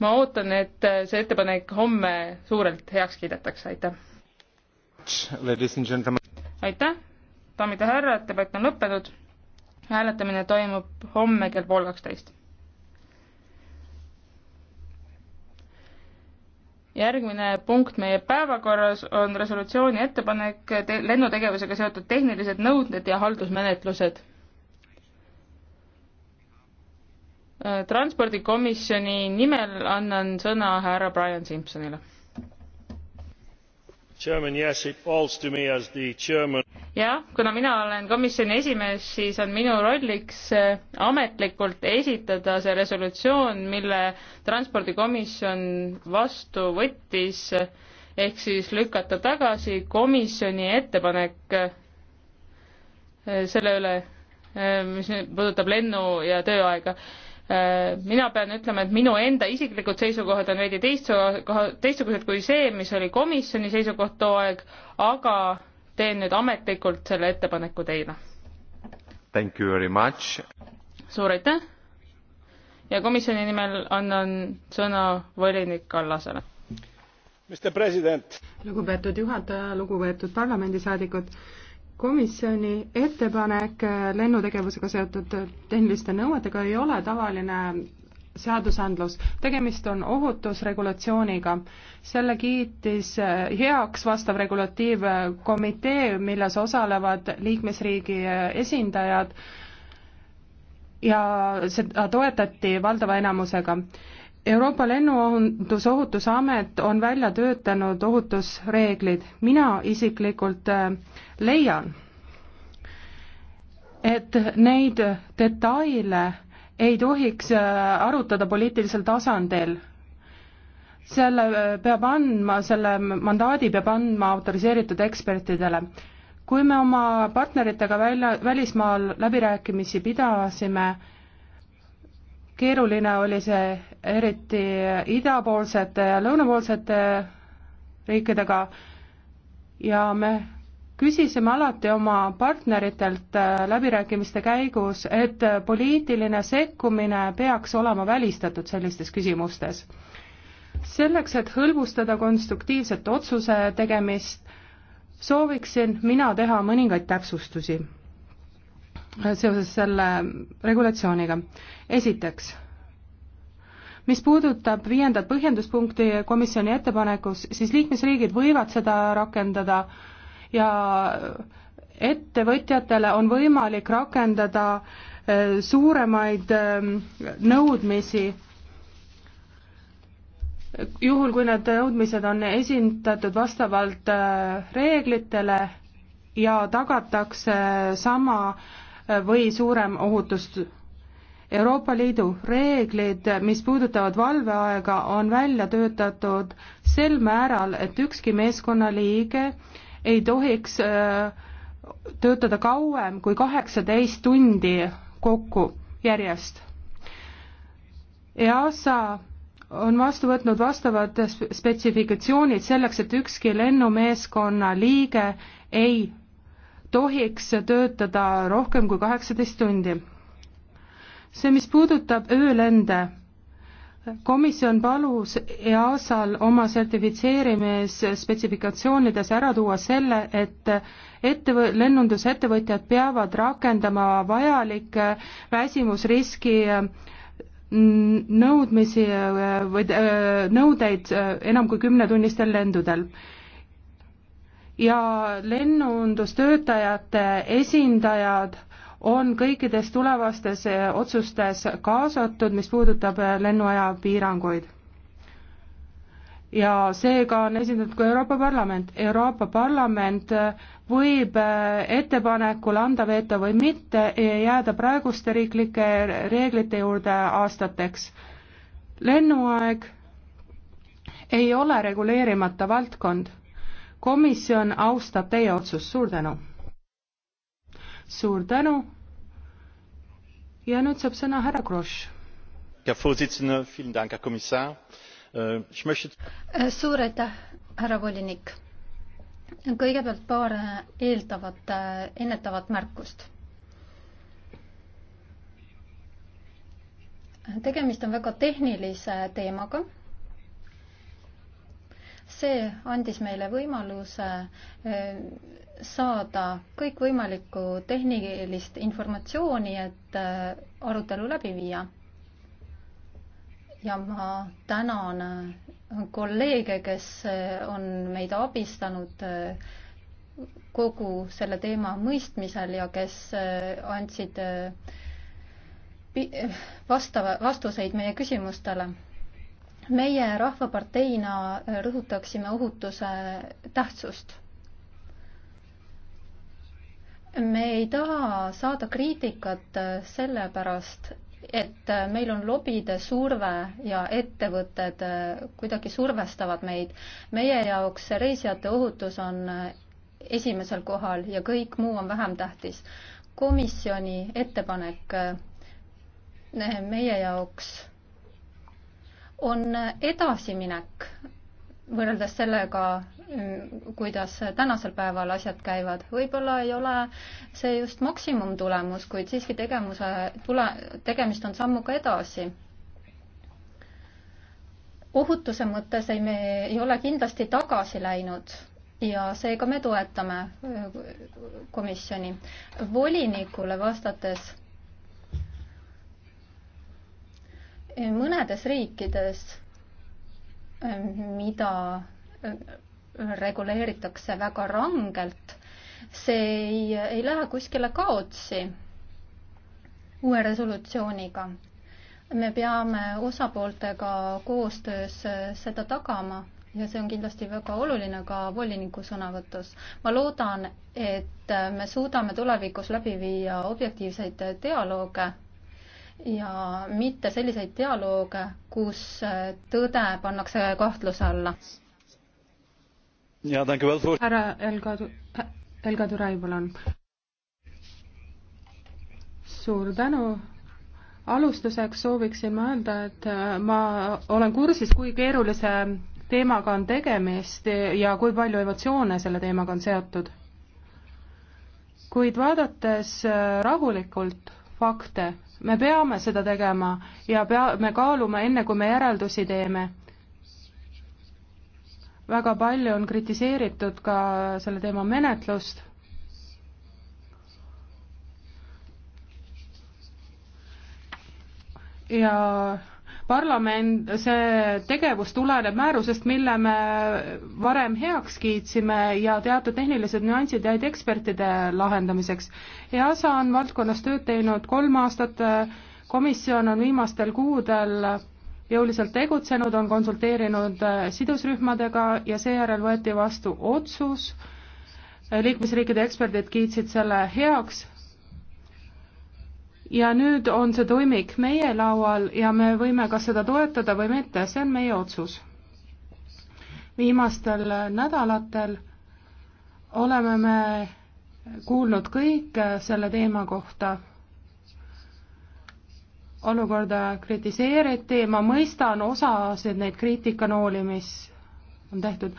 ma ootan, et see ettepanek homme suurelt heaks kiidetakse, aitäh. aitäh, daamid ja härrad, debatt on lõppenud. hääletamine toimub homme kell pool kaksteist. järgmine punkt meie päevakorras on resolutsiooni ettepanek lennutegevusega seotud tehnilised nõuded ja haldusmenetlused Äh, transpordikomisjoni nimel annan sõna härra Brian Simpsonile. jah, kuna mina olen komisjoni esimees, siis on minu rolliks äh, ametlikult esitada see resolutsioon, mille transpordikomisjon vastu võttis, äh, ehk siis lükata tagasi komisjoni ettepanek selle üle, mis puudutab lennu ja tööaega Äh, mina pean ütlema, et minu enda isiklikud seisukohad on veidi teistsugused kui see, mis oli komisjoni seisukoht too aeg, aga teen nüüd ametlikult selle ettepaneku teile. Thank you very much. suur aitäh. ja komisjoni nimel annan sõna volinik Kallasele. lugupeetud juhataja, lugupeetud parlamendisaadikud komisjoni ettepanek lennutegevusega seotud tehniliste nõuetega ei ole tavaline seadusandlus, tegemist on ohutusregulatsiooniga. selle kiitis heaks vastav regulatiivkomitee, milles osalevad liikmesriigi esindajad ja seda toetati valdava enamusega. Euroopa Lennuohutusohutusamet on välja töötanud ohutusreeglid. mina isiklikult leian, et neid detaile ei tohiks äh, arutada poliitilisel tasandil. selle äh, peab andma, selle mandaadi peab andma autoriseeritud ekspertidele. kui me oma partneritega välja, välismaal läbirääkimisi pidasime, keeruline oli see eriti idapoolsete ja lõunapoolsete riikidega ja me küsisime alati oma partneritelt äh, läbirääkimiste käigus, et äh, poliitiline sekkumine peaks olema välistatud sellistes küsimustes. selleks, et hõlbustada konstruktiivset otsuse tegemist, sooviksin mina teha mõningaid täpsustusi äh, seoses selle regulatsiooniga. esiteks, mis puudutab viiendat põhjenduspunkti komisjoni ettepanekus, siis liikmesriigid võivad seda rakendada äh, ja ettevõtjatele on võimalik rakendada äh, suuremaid ähm, nõudmisi, juhul kui need nõudmised on esindatud vastavalt äh, reeglitele ja tagatakse sama äh, või suurem ohutus. Euroopa Liidu reeglid, mis puudutavad valveaega, on välja töötatud sel määral, et ükski meeskonnaliige ei tohiks äh, töötada kauem kui kaheksateist tundi kokku järjest. EASA on vastu võtnud vastavad spetsifikatsioonid selleks, et ükski lennumeeskonna liige ei tohiks töötada rohkem kui kaheksateist tundi. see, mis puudutab öölende komisjon palus EASA-l oma sertifitseerimisspetsifikatsioonides ära tuua selle, et ettevõ-, lennundusettevõtjad peavad rakendama vajalikke väsimusriski äh, nõudmisi äh, või äh, nõudeid enam kui kümnetunnistel lendudel ja lennundustöötajate esindajad on kõikides tulevastes eh, otsustes kaasatud, mis puudutab eh, lennuaja piiranguid. ja seega on esindatud ka Euroopa Parlament. Euroopa Parlament eh, võib ettepanekul anda veto või mitte jääda praeguste riiklike reeglite juurde aastateks. lennuaeg ei ole reguleerimata valdkond. komisjon austab teie otsust, suur tänu! suur tänu! ja nüüd saab sõna härra Grosch. Äh, suur aitäh, härra volinik. kõigepealt paar eeldavat, äh, ennetavat märkust tegemist on väga tehnilise teemaga. see andis meile võimaluse äh, saada kõikvõimalikku tehnilist informatsiooni, et äh, arutelu läbi viia. ja ma tänan äh, kolleege, kes äh, on meid abistanud kogu selle teema mõistmisel ja kes andsid vastava, vastuseid meie küsimustele. meie Rahvaparteina rõhutaksime ohutuse tähtsust me ei taha saada kriitikat äh, sellepärast, et äh, meil on lobide surve ja ettevõtted äh, kuidagi survestavad meid. meie jaoks reisijate ohutus on esimesel kohal ja kõik muu on vähem tähtis. komisjoni ettepanek meie jaoks on edasiminek võrreldes sellega, kuidas tänasel päeval asjad käivad. võib-olla ei ole see just maksimumtulemus, kuid siiski tegevuse, tule, tegemist on sammuga edasi. ohutuse mõttes ei, me ei ole kindlasti tagasi läinud ja seega me toetame äh, komisjoni. volinikule vastates mõnedes riikides mida äh, reguleeritakse väga rangelt, see ei, ei lähe kuskile kaotsi uue resolutsiooniga. me peame osapooltega koostöös äh, seda tagama ja see on kindlasti väga oluline ka voliniku sõnavõtus. ma loodan, et äh, me suudame tulevikus läbi viia objektiivseid dialoog ja mitte selliseid dialoog, kus äh, tõde pannakse kahtluse alla. härra Elgadu, Elgadu Raivolan. suur tänu. alustuseks sooviksin ma öelda, et äh, ma olen kursis, kui keerulise teemaga on tegemist ja kui palju emotsioone selle teemaga on seotud. kuid vaadates äh, rahulikult fakte, me peame seda tegema ja pea, me kaalume enne, kui me järeldusi teeme. väga palju on kritiseeritud ka selle teema menetlust. ja parlament, see tegevus tuleneb määrusest, mille me varem heaks kiitsime ja teatud tehnilised nüansid jäid ekspertide lahendamiseks. EASA on valdkonnas tööd teinud kolm aastat, komisjon on viimastel kuudel jõuliselt tegutsenud, on konsulteerinud sidusrühmadega ja seejärel võeti vastu otsus, liikmesriikide eksperdid kiitsid selle heaks, ja nüüd on see toimik meie laual ja me võime kas seda toetada või mitte, see on meie otsus. viimastel nädalatel oleme me kuulnud kõik selle teema kohta. olukorda kritiseeriti, ma mõistan osasid neid kriitikanooli, mis on tehtud,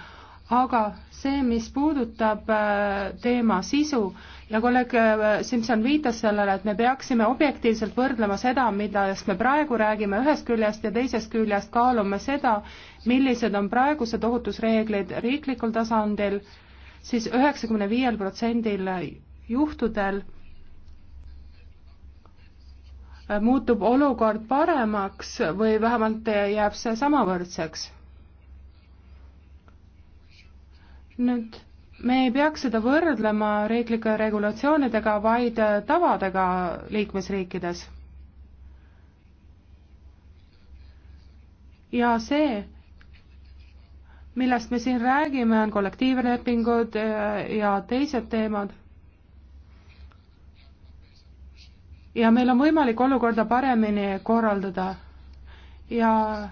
aga see, mis puudutab äh, teema sisu, ja nagu kolleeg äh, Simson viitas sellele, et me peaksime objektiivselt võrdlema seda, millest me praegu räägime ühest küljest ja teisest küljest kaalume seda, millised on praegused ohutusreeglid riiklikul tasandil, siis üheksakümne viiel protsendil juhtudel äh, muutub olukord paremaks või vähemalt jääb see samavõrdseks. nüüd me ei peaks seda võrdlema riiklike regulatsioonidega, vaid äh, tavadega liikmesriikides. ja see, millest me siin räägime, on kollektiivlepingud äh, ja teised teemad. ja meil on võimalik olukorda paremini korraldada ja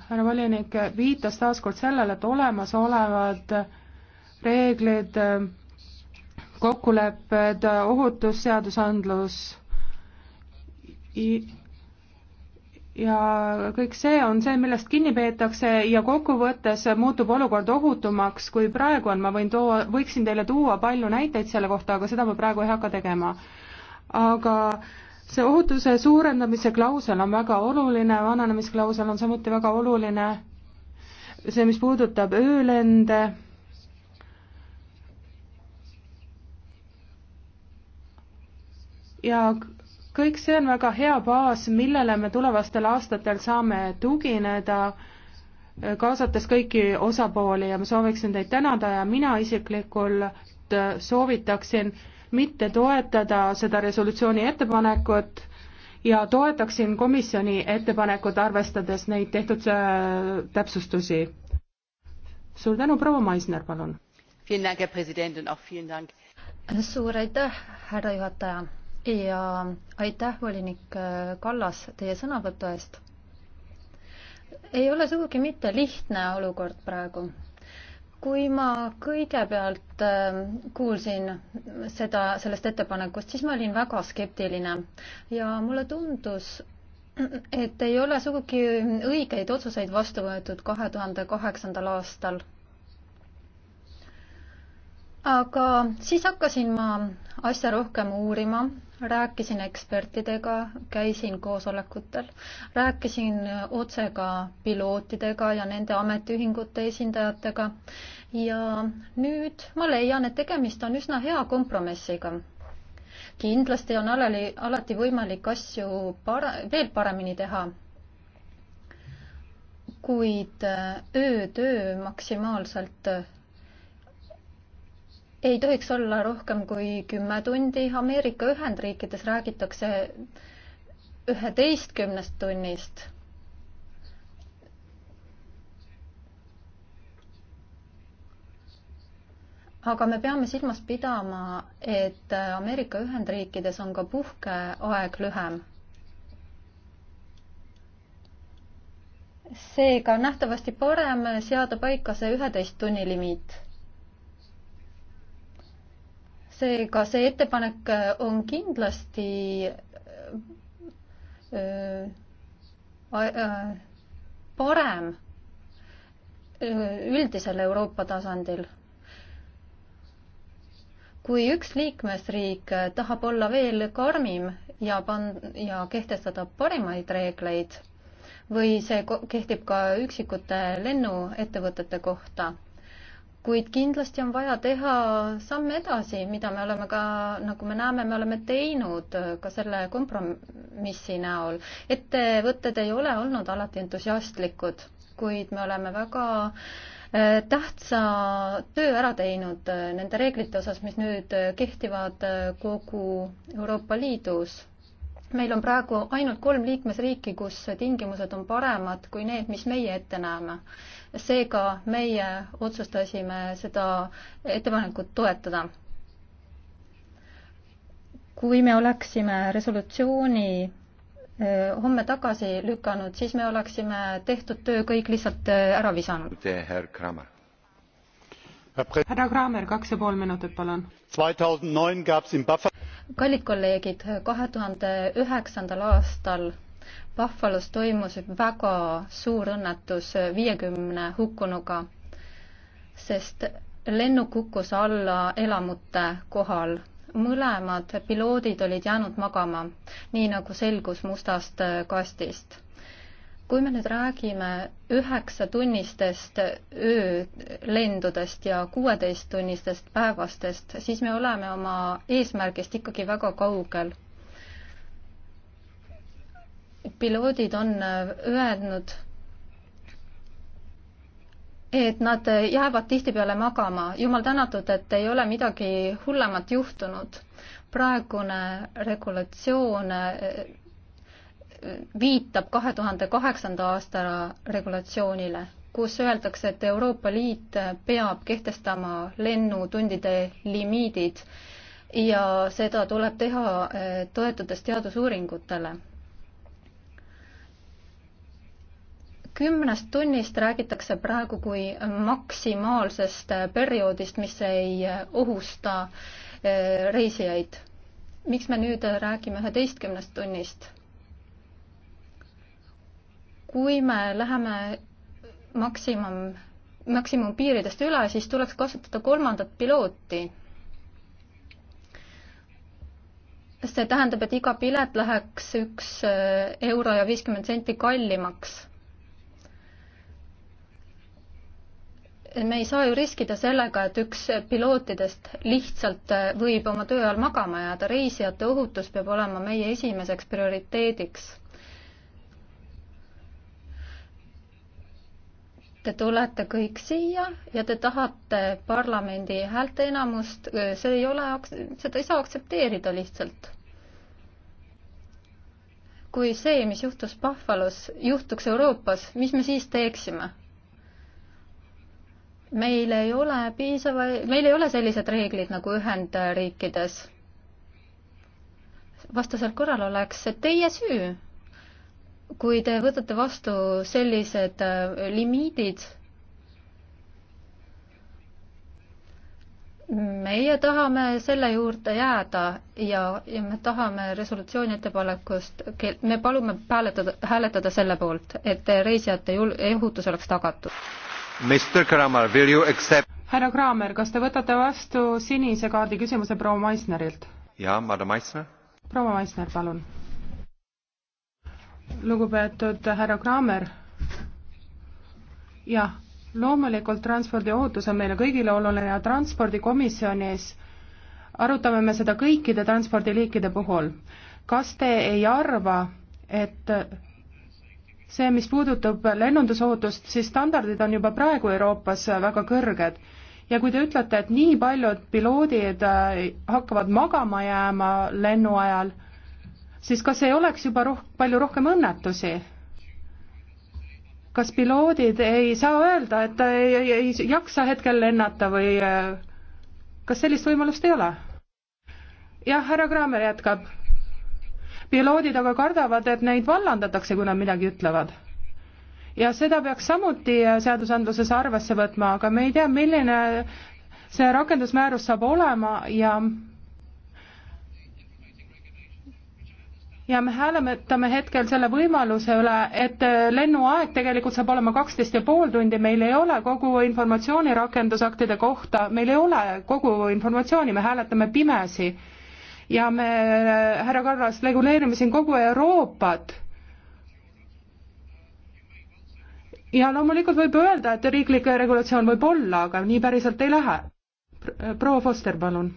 härra volinik viitas taas kord sellele, et olemasolevad reeglid, kokkulepped, ohutusseadusandlus ja kõik see on see, millest kinni peetakse ja kokkuvõttes muutub olukord ohutumaks, kui praegu on, ma võin tuua, võiksin teile tuua palju näiteid selle kohta, aga seda ma praegu ei hakka tegema. aga see ohutuse suurendamise klausel on väga oluline, vananemisklausel on samuti väga oluline, see, mis puudutab öölende ja kõik see on väga hea baas, millele me tulevastel aastatel saame tugineda, eh, kaasates kõiki osapooli ja ma sooviksin teid tänada ja mina isiklikult eh, soovitaksin mitte toetada seda resolutsiooni ettepanekut ja toetaksin komisjoni ettepanekut, arvestades neid tehtud eh, täpsustusi. suur tänu, proua Maisner, palun! suur aitäh, härra juhataja ja aitäh, volinik äh, Kallas, teie sõnavõtu eest. ei ole sugugi mitte lihtne olukord praegu kui ma kõigepealt äh, kuulsin seda, sellest ettepanekust, siis ma olin väga skeptiline ja mulle tundus, et ei ole sugugi õigeid otsuseid vastu võetud kahe tuhande kaheksandal aastal. aga siis hakkasin ma asja rohkem uurima rääkisin ekspertidega, käisin koosolekutel, rääkisin otse ka pilootidega ja nende ametiühingute esindajatega ja nüüd ma leian, et tegemist on üsna hea kompromissiga. kindlasti on alali, alati võimalik asju para-, veel paremini teha, kuid öötöö maksimaalselt ei tohiks olla rohkem kui kümme tundi. Ameerika Ühendriikides räägitakse üheteistkümnest tunnist. aga me peame silmas pidama, et Ameerika Ühendriikides on ka puhkeaeg lühem. seega on nähtavasti parem seada paika see üheteist tunni limiit seega see ettepanek äh, on kindlasti äh, äh, parem üldisel Euroopa tasandil. kui üks liikmesriik tahab olla veel karmim ja pan-, ja kehtestada parimaid reegleid või see kehtib ka üksikute lennuettevõtete kohta kuid kindlasti on vaja teha samm edasi, mida me oleme ka, nagu me näeme, me oleme teinud ka selle kompromissi näol. ettevõtted ei ole olnud alati entusiastlikud, kuid me oleme väga äh, tähtsa töö ära teinud äh, nende reeglite osas, mis nüüd äh, kehtivad kogu Euroopa Liidus meil on praegu ainult kolm liikmesriiki, kus tingimused on paremad kui need, mis meie ette näeme seega meie otsustasime seda ettepanekut toetada. kui me oleksime resolutsiooni eh, homme tagasi lükanud, siis me oleksime tehtud töö kõik lihtsalt eh, ära visanud. härra Kramer, kaks ja pool minutit, palun. kallid kolleegid, kahe tuhande üheksandal aastal Buffalo's toimus väga suur õnnetus viiekümne hukkunuga, sest lennuk kukkus alla elamute kohal. mõlemad piloodid olid jäänud magama, nii nagu selgus mustast kastist. kui me nüüd räägime üheksatunnistest öölendudest ja kuueteisttunnistest päevastest, siis me oleme oma eesmärgist ikkagi väga kaugel piloodid on äh, öelnud, et nad äh, jäävad tihtipeale magama. jumal tänatud, et ei ole midagi hullemat juhtunud. praegune regulatsioon äh, viitab kahe tuhande kaheksanda aasta regulatsioonile, kus öeldakse, et Euroopa Liit peab kehtestama lennutundide limiidid ja seda tuleb teha toetudes teadusuuringutele kümnest tunnist räägitakse praegu kui maksimaalsest perioodist, mis ei ohusta eh, reisijaid. miks me nüüd räägime üheteistkümnest tunnist? kui me läheme maksimum, maksimumpiiridest üle, siis tuleks kasutada kolmandat pilooti. see tähendab, et iga pilet läheks üks eh, euro ja viiskümmend senti kallimaks me ei saa ju riskida sellega, et üks pilootidest lihtsalt äh, võib oma töö ajal magama jääda, reisijate ohutus peab olema meie esimeseks prioriteediks. Te tulete kõik siia ja te tahate parlamendi häälteenamust, äh, see ei ole, seda ei saa aktsepteerida lihtsalt kui see, mis juhtus Buffalo's, juhtuks Euroopas, mis me siis teeksime? meil ei ole piisava, meil ei ole sellised reeglid nagu Ühendriikides. vastasel korral oleks see teie süü, kui te võtate vastu sellised äh, limiidid. meie tahame selle juurde jääda ja, ja me tahame resolutsiooni ettepanekust, me palume hääletada, hääletada selle poolt, et reisijate jul-, ohutus oleks tagatud härra Kramer, kas te võtate vastu sinise kaardi küsimuse proua Meissnerilt? jaa, madam Meissner. proua Meissner, palun. lugupeetud härra Kramer. jah, loomulikult transpordiohutus on meile kõigile oluline ja transpordikomisjonis arutame me seda kõikide transpordiliikide puhul. kas te ei arva, et see, mis puudutab lennundusohutust, siis standardid on juba praegu Euroopas väga kõrged. ja kui te ütlete, et nii paljud piloodid äh, hakkavad magama jääma lennu ajal, siis kas ei oleks juba roh-, palju rohkem õnnetusi? kas piloodid ei saa öelda, et ta ei, ei, ei jaksa hetkel lennata või äh, kas sellist võimalust ei ole? jah, härra Kraamer jätkab piloodid aga kardavad, et neid vallandatakse, kui nad midagi ütlevad. ja seda peaks samuti äh, seadusandluses arvesse võtma, aga me ei tea, milline see rakendusmäärus saab olema ja ja me hääletame hetkel selle võimaluse üle, et äh, lennuaeg tegelikult saab olema kaksteist ja pool tundi, meil ei ole kogu informatsiooni rakendusaktide kohta, meil ei ole kogu informatsiooni, me hääletame pimesi ja me, härra Kallas, reguleerime siin kogu Euroopat. ja loomulikult võib öelda, et riiklik regulatsioon võib olla, aga nii päriselt ei lähe. proua Foster, palun.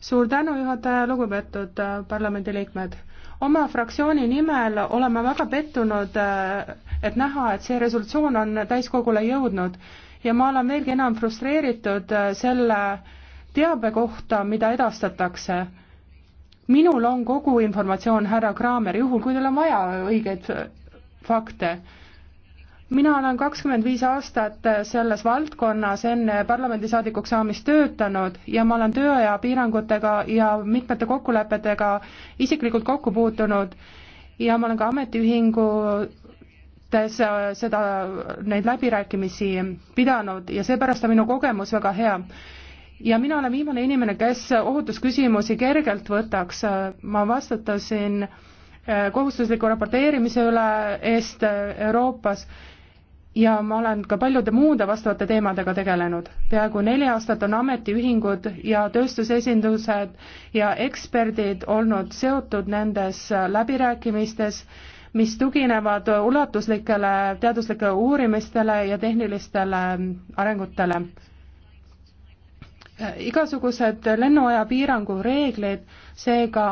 suur tänu, juhataja, lugupeetud äh, parlamendiliikmed oma fraktsiooni nimel oleme väga pettunud, äh, et näha, et see resolutsioon on täiskogule jõudnud ja ma olen veelgi enam frustreeritud äh, selle teabe kohta, mida edastatakse. minul on kogu informatsioon, härra Kraamer, juhul kui teil on vaja õigeid fakte mina olen kakskümmend viis aastat selles valdkonnas enne parlamendisaadikuks saamist töötanud ja ma olen tööaja piirangutega ja mitmete kokkulepetega isiklikult kokku puutunud ja ma olen ka ametiühingutes äh, seda, neid läbirääkimisi pidanud ja seepärast on minu kogemus väga hea ja mina olen viimane inimene, kes ohutusküsimusi kergelt võtaks, ma vastutasin äh, kohustusliku raporteerimise üle eest äh, Euroopas ja ma olen ka paljude muude vastavate teemadega tegelenud. peaaegu neli aastat on ametiühingud ja tööstusesindused ja eksperdid olnud seotud nendes äh, läbirääkimistes, mis tuginevad ulatuslikele teaduslikele uurimistele ja tehnilistele arengutele Äh, igasugused lennuaja piirangu reeglid, seega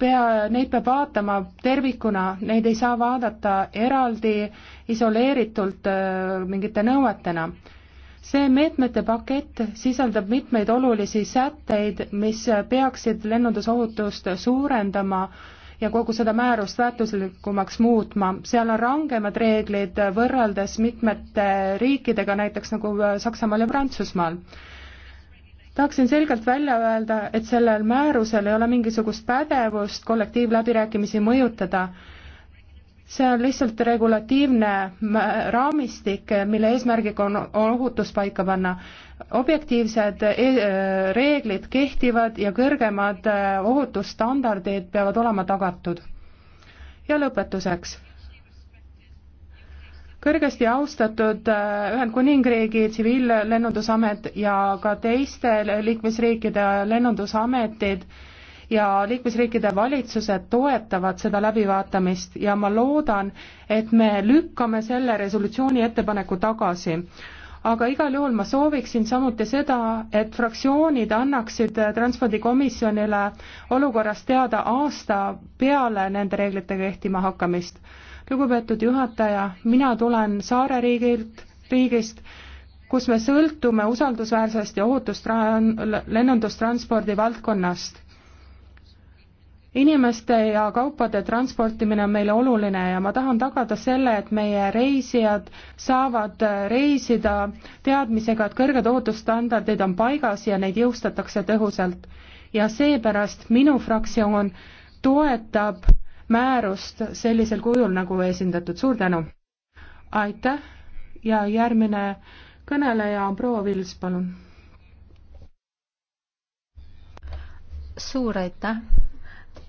pea, neid peab vaatama tervikuna, neid ei saa vaadata eraldi isoleeritult äh, mingite nõuetena. see meetmete pakett sisaldab mitmeid olulisi sätteid, mis peaksid lennundusohutust suurendama ja kogu seda määrust väärtuslikumaks muutma. seal on rangemad reeglid võrreldes mitmete riikidega, näiteks nagu Saksamaal ja Prantsusmaal tahaksin selgelt välja öelda, et sellel määrusel ei ole mingisugust pädevust kollektiivläbirääkimisi mõjutada. see on lihtsalt regulatiivne raamistik, mille eesmärgiga on ohutus paika panna. objektiivsed e reeglid kehtivad ja kõrgemad e, ohutusstandardid peavad olema tagatud. ja lõpetuseks kõrgesti austatud äh, Ühendkuningriigi tsiviillennundusamet ja ka teiste liikmesriikide lennundusametid ja liikmesriikide valitsused toetavad seda läbivaatamist ja ma loodan, et me lükkame selle resolutsiooni ettepaneku tagasi. aga igal juhul ma sooviksin samuti seda, et fraktsioonid annaksid Transpordikomisjonile olukorrast teada aasta peale nende reeglite kehtima hakkamist lugupeetud juhataja, mina tulen saareriigilt, riigist, kus me sõltume usaldusväärsest ja ohutust lennundustranspordi valdkonnast. inimeste ja kaupade transportimine on meile oluline ja ma tahan tagada selle, et meie reisijad saavad reisida teadmisega, et kõrged ohutusstandardid on paigas ja neid jõustatakse tõhusalt. ja seepärast minu fraktsioon toetab määrust sellisel kujul nagu esindatud, suur tänu! aitäh ja järgmine kõneleja on proua Vils, palun. suur aitäh!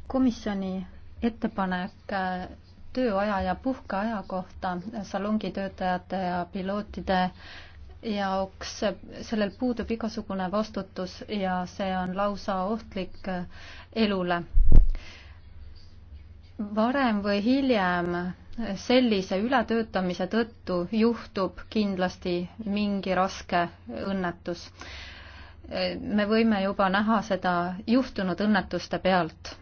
komisjoni ettepanek äh, tööaja ja puhkeaja kohta salongi töötajate ja pilootide jaoks, sellel puudub igasugune vastutus ja see on lausa ohtlik äh, elule varem või hiljem sellise ületöötamise tõttu juhtub kindlasti mingi raske õnnetus. me võime juba näha seda juhtunud õnnetuste pealt.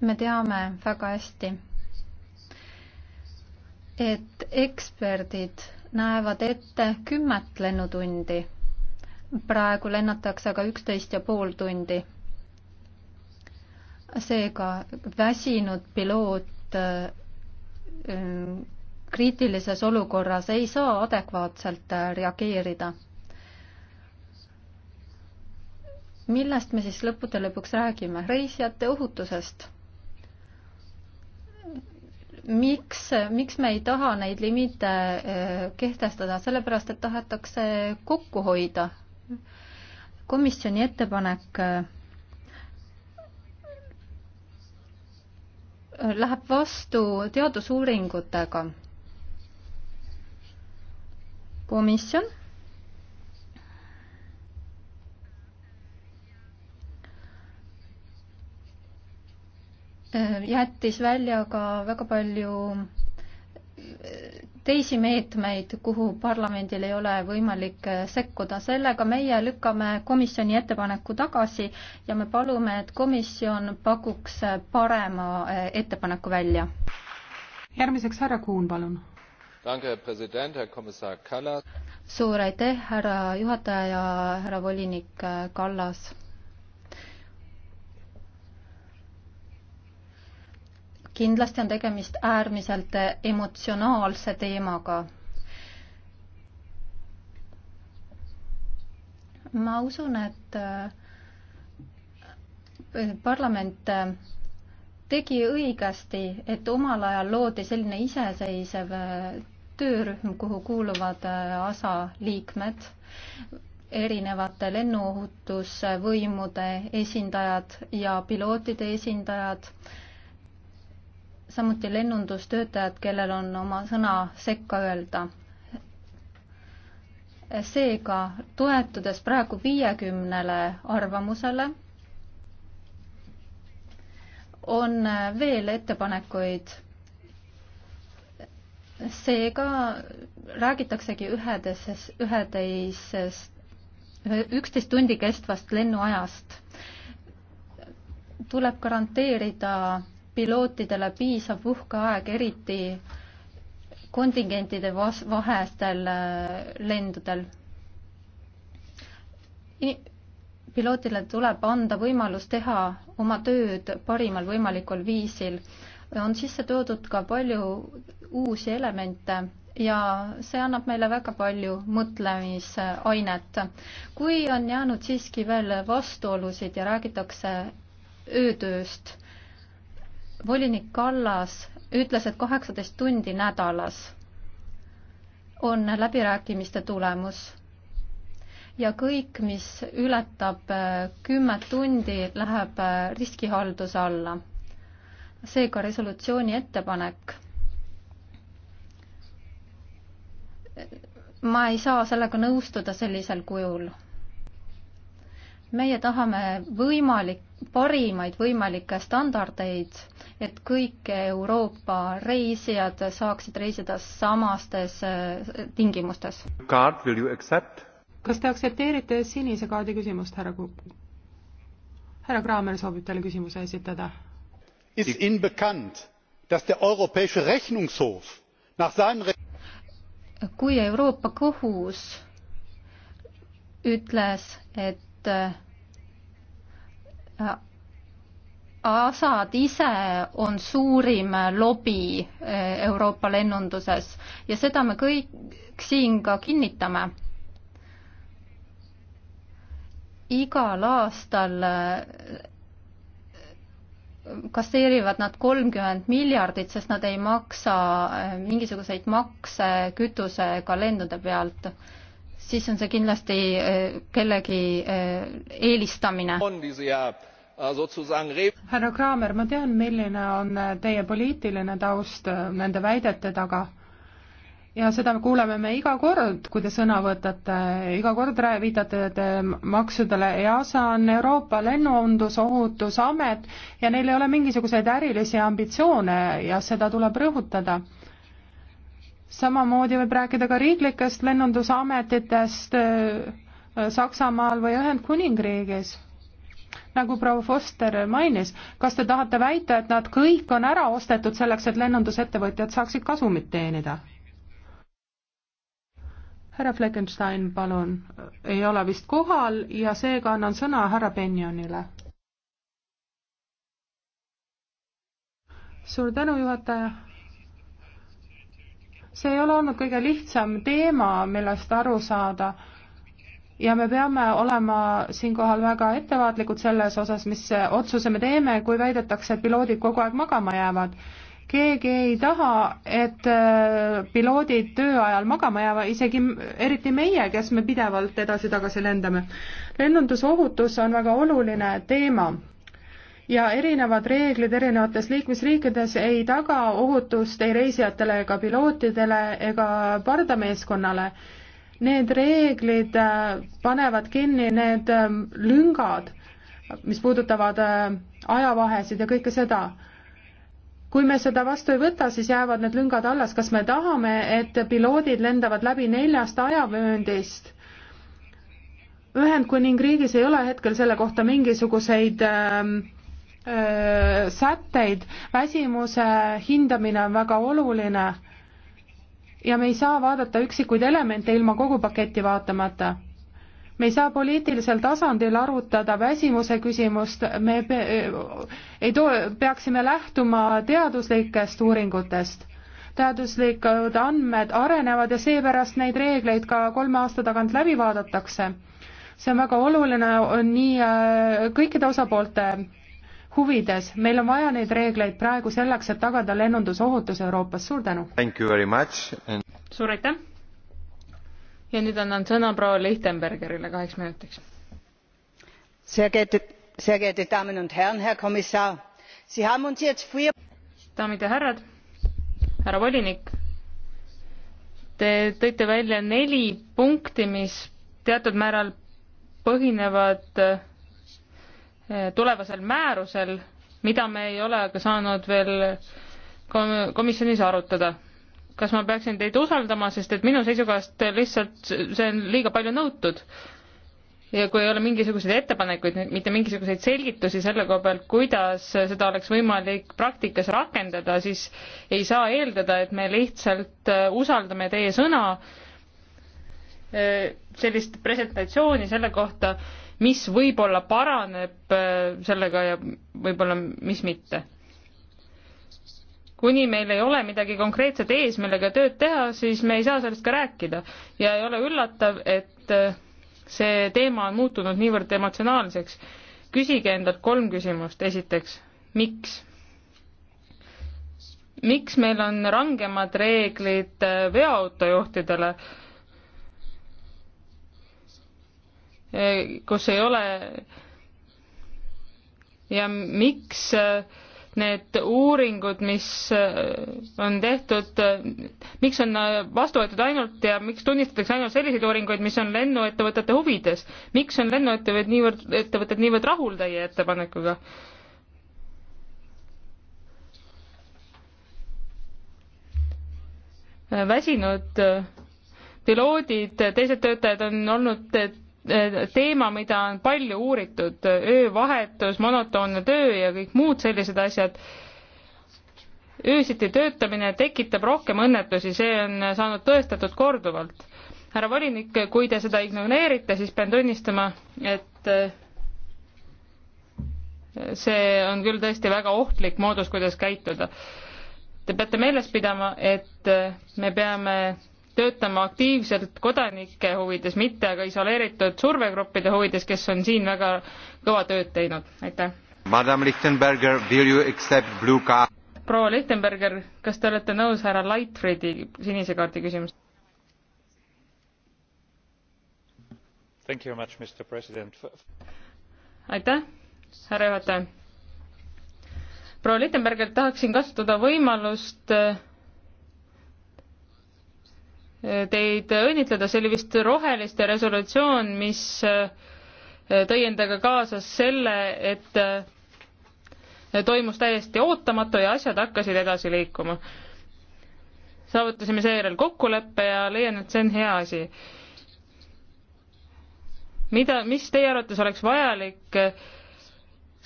me teame väga hästi, et eksperdid näevad ette kümmet lennutundi praegu lennatakse aga üksteist ja pool tundi. seega väsinud piloot äh, kriitilises olukorras ei saa adekvaatselt äh, reageerida. millest me siis lõppude lõpuks räägime? reisijate ohutusest. miks, miks me ei taha neid limiite äh, kehtestada? sellepärast, et tahetakse kokku hoida komisjoni ettepanek äh, läheb vastu teadusuuringutega. komisjon jättis välja ka väga palju äh, teisi meetmeid, kuhu parlamendil ei ole võimalik äh, sekkuda. sellega meie lükkame komisjoni ettepaneku tagasi ja me palume, et komisjon pakuks äh, parema äh, ettepaneku välja. järgmiseks härra Kuhn, palun. suur aitäh, härra juhataja ja härra volinik Kallas kindlasti on tegemist äärmiselt emotsionaalse teemaga. ma usun, et äh, parlament äh, tegi õigesti, et omal ajal loodi selline iseseisev äh, töörühm, kuhu kuuluvad ASA liikmed, erinevate lennuohutusvõimude esindajad ja pilootide esindajad samuti lennundustöötajad, kellel on oma sõna sekka öelda. seega, toetudes praegu viiekümnele arvamusele, on veel ettepanekuid. seega räägitaksegi ühedes, üheteisest, üksteist tundi kestvast lennuajast. tuleb garanteerida pilootidele piisav puhkeaeg, eriti kontingentide vas-, vahestel äh, lendudel. pilootile tuleb anda võimalus teha oma tööd parimal võimalikul viisil. on sisse toodud ka palju uusi elemente ja see annab meile väga palju mõtlemisainet. kui on jäänud siiski veel vastuolusid ja räägitakse öötööst volinik Kallas ütles, et kaheksateist tundi nädalas on läbirääkimiste tulemus ja kõik, mis ületab äh, kümme tundi, läheb äh, riskihalduse alla. seega resolutsiooni ettepanek. ma ei saa sellega nõustuda sellisel kujul. meie tahame võimalik parimaid võimalikke standardeid, et kõik Euroopa reisijad saaksid reisida samastes eh, tingimustes. kas te aktsepteerite sinise kaardi küsimust, härra Kuuk? härra Kraamer soovib teile küsimuse esitada. Ist Ihnen bekannt, dass der Europäische Rechnungshof nach seinen kui Euroopa Kohus ütles, et eh, Asad ise on suurim lobi e, Euroopa lennunduses ja seda me kõik siin ka kinnitame. igal aastal e, kasseerivad nad kolmkümmend miljardit, sest nad ei maksa e, mingisuguseid makse kütuse ega lendude pealt siis on see kindlasti eh, kellegi eh, eelistamine. Äh, härra Kraamer, ma tean, milline on äh, teie poliitiline taust äh, nende väidete taga ja seda kuuleme me iga kord, kui te sõna võtate, iga kord viitate te maksudele, EASA on Euroopa Lennuohutusohutusamet ja neil ei ole mingisuguseid ärilisi ambitsioone ja seda tuleb rõhutada samamoodi võib rääkida ka riiklikest lennundusametitest äh, Saksamaal või Ühendkuningriigis, nagu proua Foster mainis. kas te tahate väita, et nad kõik on ära ostetud selleks, et lennundusettevõtjad saaksid kasumit teenida? härra Fleckenstein, palun, ei ole vist kohal ja seega annan sõna härra Benjonile. suur tänu, juhataja see ei ole olnud kõige lihtsam teema, millest aru saada ja me peame olema siinkohal väga ettevaatlikud selles osas, mis otsuse me teeme, kui väidetakse, et piloodid kogu aeg magama jäävad. keegi ei taha, et äh, piloodid töö ajal magama jäävad, isegi eriti meie, kes me pidevalt edasi-tagasi lendame. lennundusohutus on väga oluline teema ja erinevad reeglid erinevates liikmesriikides ei taga ohutust ei reisijatele ega pilootidele ega pardameeskonnale. Need reeglid äh, panevad kinni need ähm, lüngad, mis puudutavad äh, ajavahesid ja kõike seda kui me seda vastu ei võta, siis jäävad need lüngad alles, kas me tahame, et piloodid lendavad läbi neljast ajavööndist? Ühendkuningriigis ei ole hetkel selle kohta mingisuguseid äh, sätteid, väsimuse hindamine on väga oluline ja me ei saa vaadata üksikuid elemente ilma kogu paketi vaatamata me ei saa poliitilisel tasandil arutada väsimuse küsimust, me ei too, peaksime lähtuma teaduslikest uuringutest. teaduslikud andmed arenevad ja seepärast neid reegleid ka kolme aasta tagant läbi vaadatakse. see on väga oluline, on nii äh, kõikide osapoolte huvides. meil on vaja neid reegleid praegu selleks, et tagada lennundusohutus Euroopas. suur tänu! And... suur aitäh! ja nüüd annan sõna proua Lichtenbergerile kaheks minutiks. Sehr geehrte, sehr geehrte Damen und Herren, Herr Kommissar, Sie haben uns jetzt früher daamid ja härrad, härra volinik, te tõite välja neli punkti, mis teatud määral põhinevad tulevasel määrusel, mida me ei ole ka saanud veel komisjonis arutada. kas ma peaksin teid usaldama, sest et minu seisukohast lihtsalt see on liiga palju nõutud ja kui ei ole mingisuguseid ettepanekuid, mitte mingisuguseid selgitusi selle koha pealt, kuidas seda oleks võimalik praktikas rakendada, siis ei saa eeldada, et me lihtsalt äh, usaldame teie sõna, äh, sellist presentatsiooni selle kohta, mis võib-olla paraneb äh, sellega ja võib-olla mis mitte. kuni meil ei ole midagi konkreetset ees, millega tööd teha, siis me ei saa sellest ka rääkida ja ei ole üllatav, et äh, see teema on muutunud niivõrd emotsionaalseks. küsige endalt kolm küsimust, esiteks, miks? miks meil on rangemad reeglid äh, veoautojuhtidele äh, kus ei ole ja miks need uuringud, mis on tehtud, miks on vastu võetud ainult ja miks tunnistatakse ainult selliseid uuringuid, mis on lennuettevõtete huvides, miks on lennuettevõtted niivõrd, ettevõtted niivõrd rahul teie ettepanekuga? väsinud piloodid, teised töötajad on olnud Äh, teema, mida on palju uuritud, öövahetus, monotoonne töö ja kõik muud sellised asjad. öösiti töötamine tekitab rohkem õnnetusi, see on saanud tõestatud korduvalt. härra volinik, kui te seda ignoreerite, siis pean tunnistama, et äh, see on küll tõesti väga ohtlik moodus, kuidas käituda. Te peate meeles pidama, et äh, me peame töötama aktiivselt kodanike huvides, mitte aga isoleeritud survegruppide huvides, kes on siin väga kõva tööd teinud, aitäh. proua Lichtenberger, kas te olete nõus härra Lightfriedi sinise kaardi küsimust? aitäh, härra juhataja. proua Lichtenberger, tahaksin kasutada võimalust äh, teid õnnitleda, see oli vist roheliste resolutsioon, mis äh, tõi endaga kaasa selle, et äh, toimus täiesti ootamatu ja asjad hakkasid edasi liikuma. saavutasime seejärel kokkuleppe ja leian, et see on hea asi. mida, mis teie arvates oleks vajalik äh,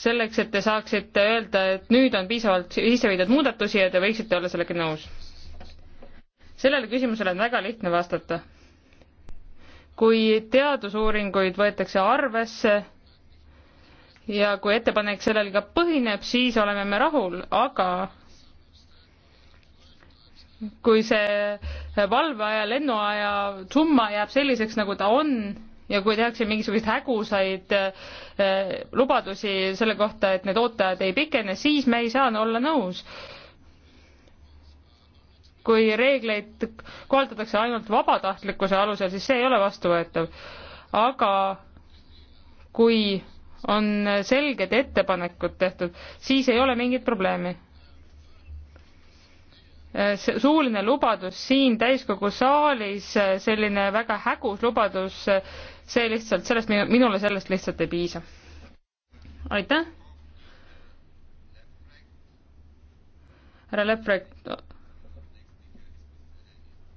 selleks, et te saaksite öelda, et nüüd on piisavalt sisse viidud muudatusi ja te võiksite olla sellega nõus? sellele küsimusele on väga lihtne vastata. kui teadusuuringuid võetakse arvesse ja kui ettepanek sellel ka põhineb, siis oleme me rahul, aga kui see valveaja, lennuaja summa jääb selliseks, nagu ta on, ja kui tehakse mingisuguseid hägusaid eh, lubadusi selle kohta, et need ooteajad ei pikene, siis me ei saa olla nõus kui reegleid kohaldatakse ainult vabatahtlikkuse alusel, siis see ei ole vastuvõetav. aga kui on selged ettepanekud tehtud, siis ei ole mingit probleemi. suuline lubadus siin täiskogu saalis, selline väga hägus lubadus, see lihtsalt, sellest, minule sellest lihtsalt ei piisa. aitäh! härra Leprek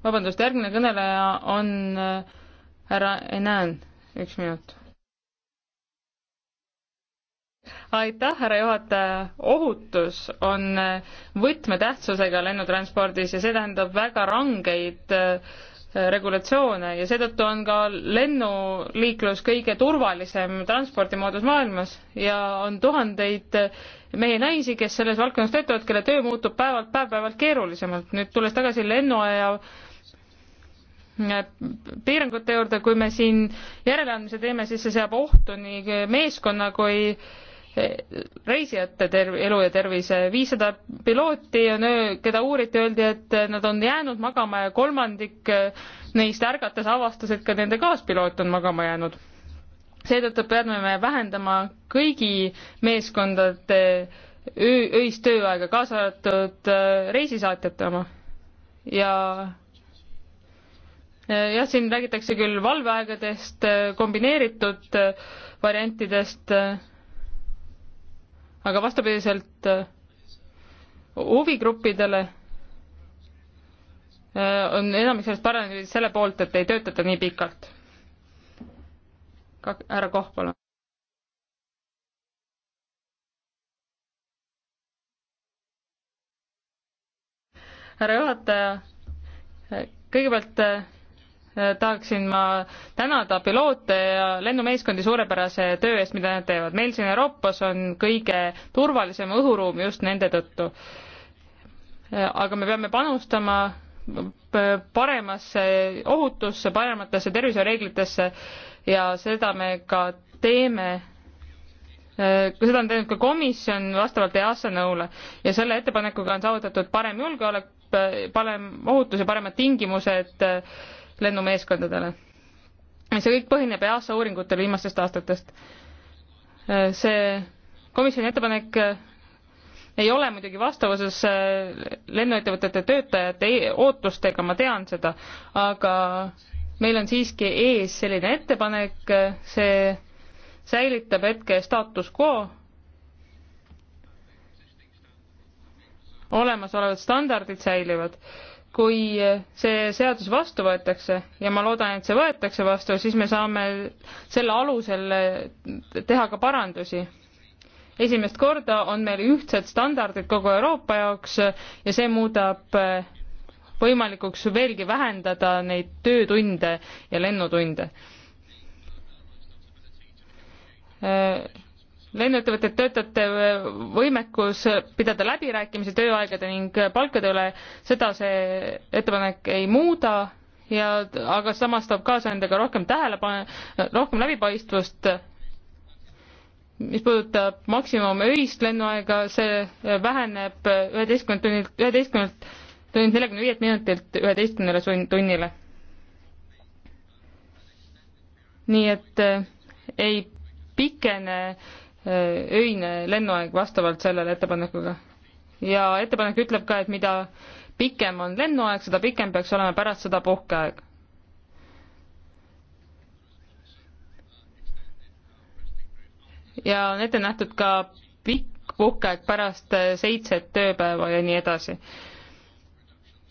vabandust, järgmine kõneleja on äh, härra Enan, üks minut. aitäh, härra juhataja, ohutus on äh, võtmetähtsusega lennutranspordis ja see tähendab väga rangeid äh, regulatsioone ja seetõttu on ka lennuliiklus kõige turvalisem transpordimoodus maailmas ja on tuhandeid meie naisi, kes selles valdkonnas töötavad, kelle töö muutub päevalt päev-päevalt keerulisemalt. nüüd tulles tagasi lennuaja piirangute juurde, kui me siin järeleandmise teeme, siis see seab ohtu nii meeskonna kui eh, reisijate terv-, elu ja tervise. viissada pilooti on, keda uuriti, öeldi, et nad on jäänud magama ja kolmandik eh, neist ärgates avastas, et ka nende kaaspiloot on magama jäänud. seetõttu peame me vähendama kõigi meeskondade öö, öist tööaega, kaasa arvatud eh, reisisaatjate oma. ja jah, siin räägitakse küll valveaegadest, äh, kombineeritud äh, variantidest, äh, aga vastupidiselt huvigruppidele on enamik sellest paranenud selle poolt, et ei töötata nii pikalt. härra Koh, palun. härra juhataja, kõigepealt Äh, tahaksin ma tänada piloote ja lennumeeskondi suurepärase töö eest, mida nad teevad. meil siin Euroopas on kõige turvalisem õhuruum just nende tõttu. Äh, aga me peame panustama paremasse ohutusse, parematesse tervisereeglitesse ja seda me ka teeme kui äh, seda on teinud ka komisjon vastavalt EASA nõule ja selle ettepanekuga on saavutatud parem julgeolek, parem ohutus ja paremad tingimused äh, lennumeeskondadele. see kõik põhineb EASA uuringutel viimastest aastatest. see komisjoni ettepanek ei ole muidugi vastavuses äh, lennuettevõtete töötajate ootustega, ma tean seda, aga meil on siiski ees selline ettepanek, see säilitab hetke status quo, olemasolevad standardid säilivad kui see seadus vastu võetakse ja ma loodan, et see võetakse vastu, siis me saame selle alusel teha ka parandusi. esimest korda on meil ühtsed standardid kogu Euroopa jaoks ja see muudab võimalikuks veelgi vähendada neid töötunde ja lennutunde lennuettevõtted töötajate võimekus pidada läbirääkimisi tööaegade ning palkade üle, seda see ettepanek ei muuda ja, aga samas toob kaasa endaga rohkem tähelepanu, rohkem läbipaistvust. mis puudutab maksimum öist lennuaega, see väheneb üheteistkümnelt tunnilt, üheteistkümnelt tunnilt neljakümne viielt minutilt üheteistkümnele tunnile. nii et äh, ei pikene Äh, öine lennuaeg vastavalt sellele ettepanekuga. ja ettepanek ütleb ka, et mida pikem on lennuaeg, seda pikem peaks olema pärast seda puhkeaeg. ja on ette nähtud ka pikk puhkeaeg pärast äh, seitset tööpäeva ja nii edasi.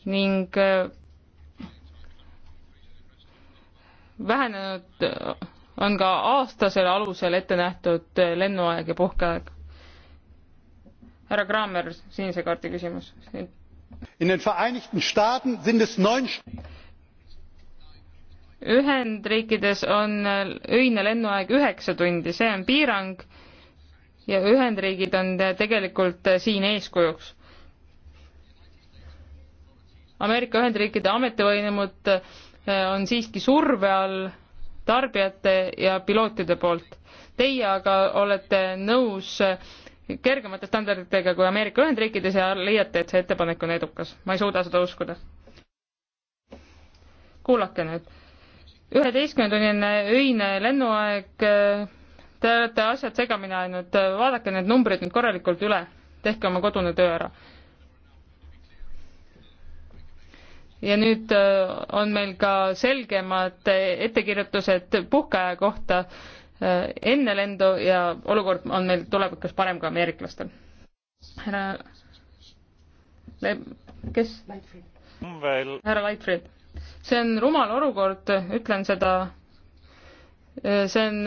ning äh, vähenenud on ka aastasel alusel ette nähtud lennuaeg ja puhkeaeg. härra Kramer, sinise kaardi küsimus. In den Vereinigten Staaten sind es neun Ühendriikides on öine lennuaeg üheksa tundi, see on piirang ja Ühendriigid on tegelikult siin eeskujuks. Ameerika Ühendriikide ametivõimud eh, on siiski surve all tarbijate ja pilootide poolt. Teie aga olete nõus kergemate standarditega kui Ameerika Ühendriikides ja leiate, et see ettepanek on edukas. ma ei suuda seda uskuda. kuulake nüüd. üheteistkümnendatunnine öine lennuaeg, te olete asjad segamini ajanud, vaadake need numbrid nüüd korralikult üle, tehke oma kodune töö ära ja nüüd äh, on meil ka selgemad äh, ettekirjutused puhkeaja kohta äh, enne lendu ja olukord on meil tulevikus parem ka ameeriklastel. härra Le..., kes? härra Lightfield. see on rumal olukord, ütlen seda. see on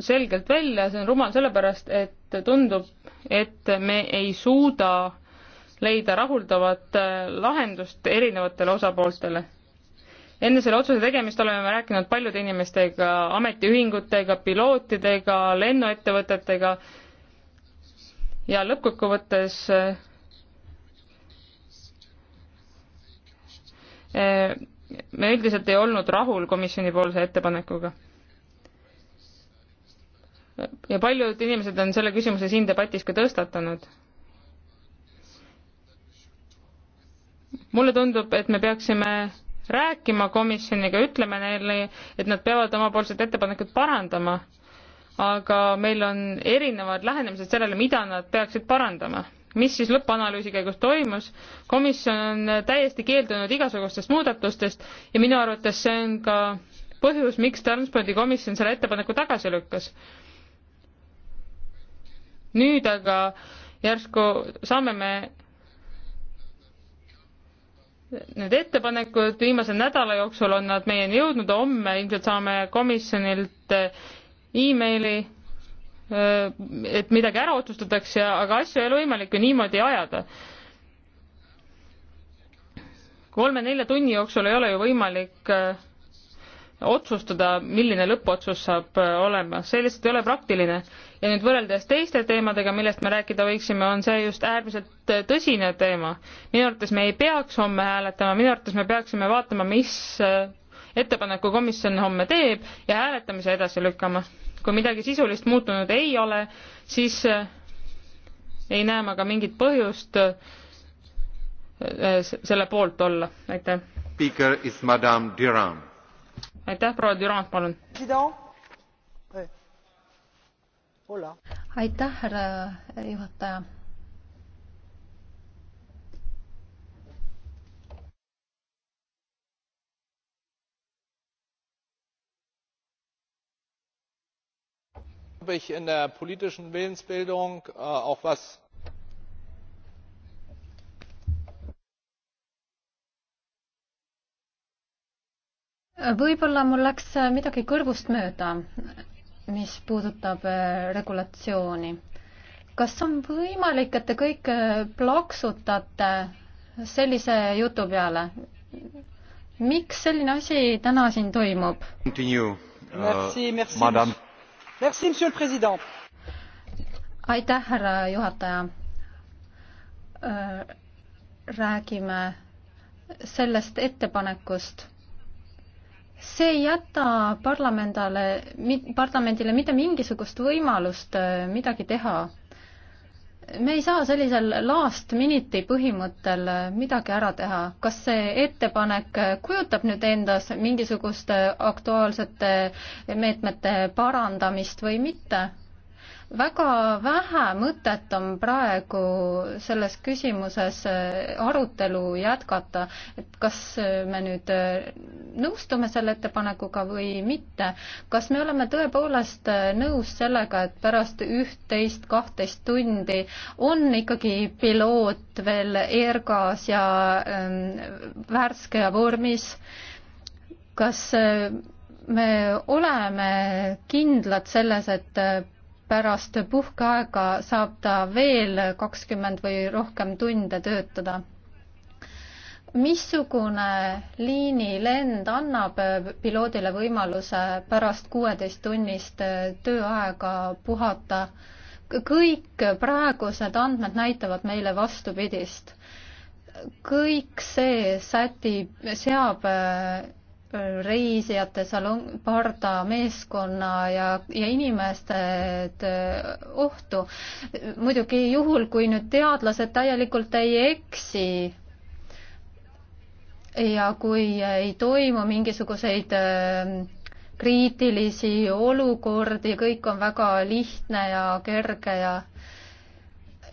selgelt välja, see on rumal sellepärast, et tundub, et me ei suuda äh, leida rahuldavat äh, lahendust erinevatele osapooltele. enne selle otsuse tegemist oleme me rääkinud paljude inimestega, ametiühingutega, pilootidega, lennuettevõtetega ja lõppkokkuvõttes äh, äh, me üldiselt ei olnud rahul komisjonipoolse ettepanekuga. ja paljud inimesed on selle küsimuse siin debatis ka tõstatanud mulle tundub, et me peaksime rääkima komisjoniga, ütleme neile, et nad peavad omapoolsed ettepanekud parandama, aga meil on erinevad lähenemised sellele, mida nad peaksid parandama. mis siis lõppanalüüsi käigus toimus, komisjon on täiesti keeldunud igasugustest muudatustest ja minu arvates see on ka põhjus, miks transpordikomisjon selle ettepaneku tagasi lükkas. nüüd aga järsku saame me need ettepanekud viimase nädala jooksul on nad meieni jõudnud, homme ilmselt saame komisjonilt eh, emaili, eh, et midagi ära otsustatakse, aga asju ei ole võimalik ju niimoodi ajada. kolme-nelja tunni jooksul ei ole ju võimalik eh, otsustada, milline lõppotsus saab äh, olema, see lihtsalt ei ole praktiline. ja nüüd võrreldes teiste teemadega, millest me rääkida võiksime, on see just äärmiselt äh, tõsine teema. minu arvates me ei peaks homme hääletama, minu arvates me peaksime vaatama, mis äh, ettepaneku komisjon homme teeb ja hääletamise edasi lükkama. kui midagi sisulist muutunud ei ole, siis ei näe ma ka mingit põhjust selle poolt olla. aitäh. Speaker is Madame Durand aitäh, proua Dürant, palun. aitäh, härra juhataja. ich in der politischen willensbildung äh, auch was võib-olla mul läks midagi kõrvust mööda, mis puudutab äh, regulatsiooni. kas on võimalik, et te kõik äh, plaksutate sellise jutu peale? miks selline asi täna siin toimub? Äh, aitäh, härra juhataja. räägime sellest ettepanekust see ei jäta parlamendale, parlamendile mitte mingisugust võimalust äh, midagi teha. me ei saa sellisel last minute'i põhimõttel äh, midagi ära teha. kas see ettepanek äh, kujutab nüüd endas mingisuguste aktuaalsete meetmete parandamist või mitte? väga vähe mõtet on praegu selles küsimuses äh, arutelu jätkata, et kas äh, me nüüd äh, nõustume selle ettepanekuga või mitte. kas me oleme tõepoolest nõus sellega, et pärast üht-teist, kahtteist tundi on ikkagi piloot veel ERGAs ja ähm, värske ja vormis? kas äh, me oleme kindlad selles, et pärast puhkeaega saab ta veel kakskümmend või rohkem tunde töötada. missugune liinilend annab piloodile võimaluse pärast kuueteisttunnist tööaega puhata? kõik praegused andmed näitavad meile vastupidist. kõik see sätib, seab reisijate salon-, parda, meeskonna ja, ja inimesed äh, ohtu. muidugi juhul, kui nüüd teadlased täielikult ei eksi ja kui ei toimu mingisuguseid äh, kriitilisi olukordi, kõik on väga lihtne ja kerge ja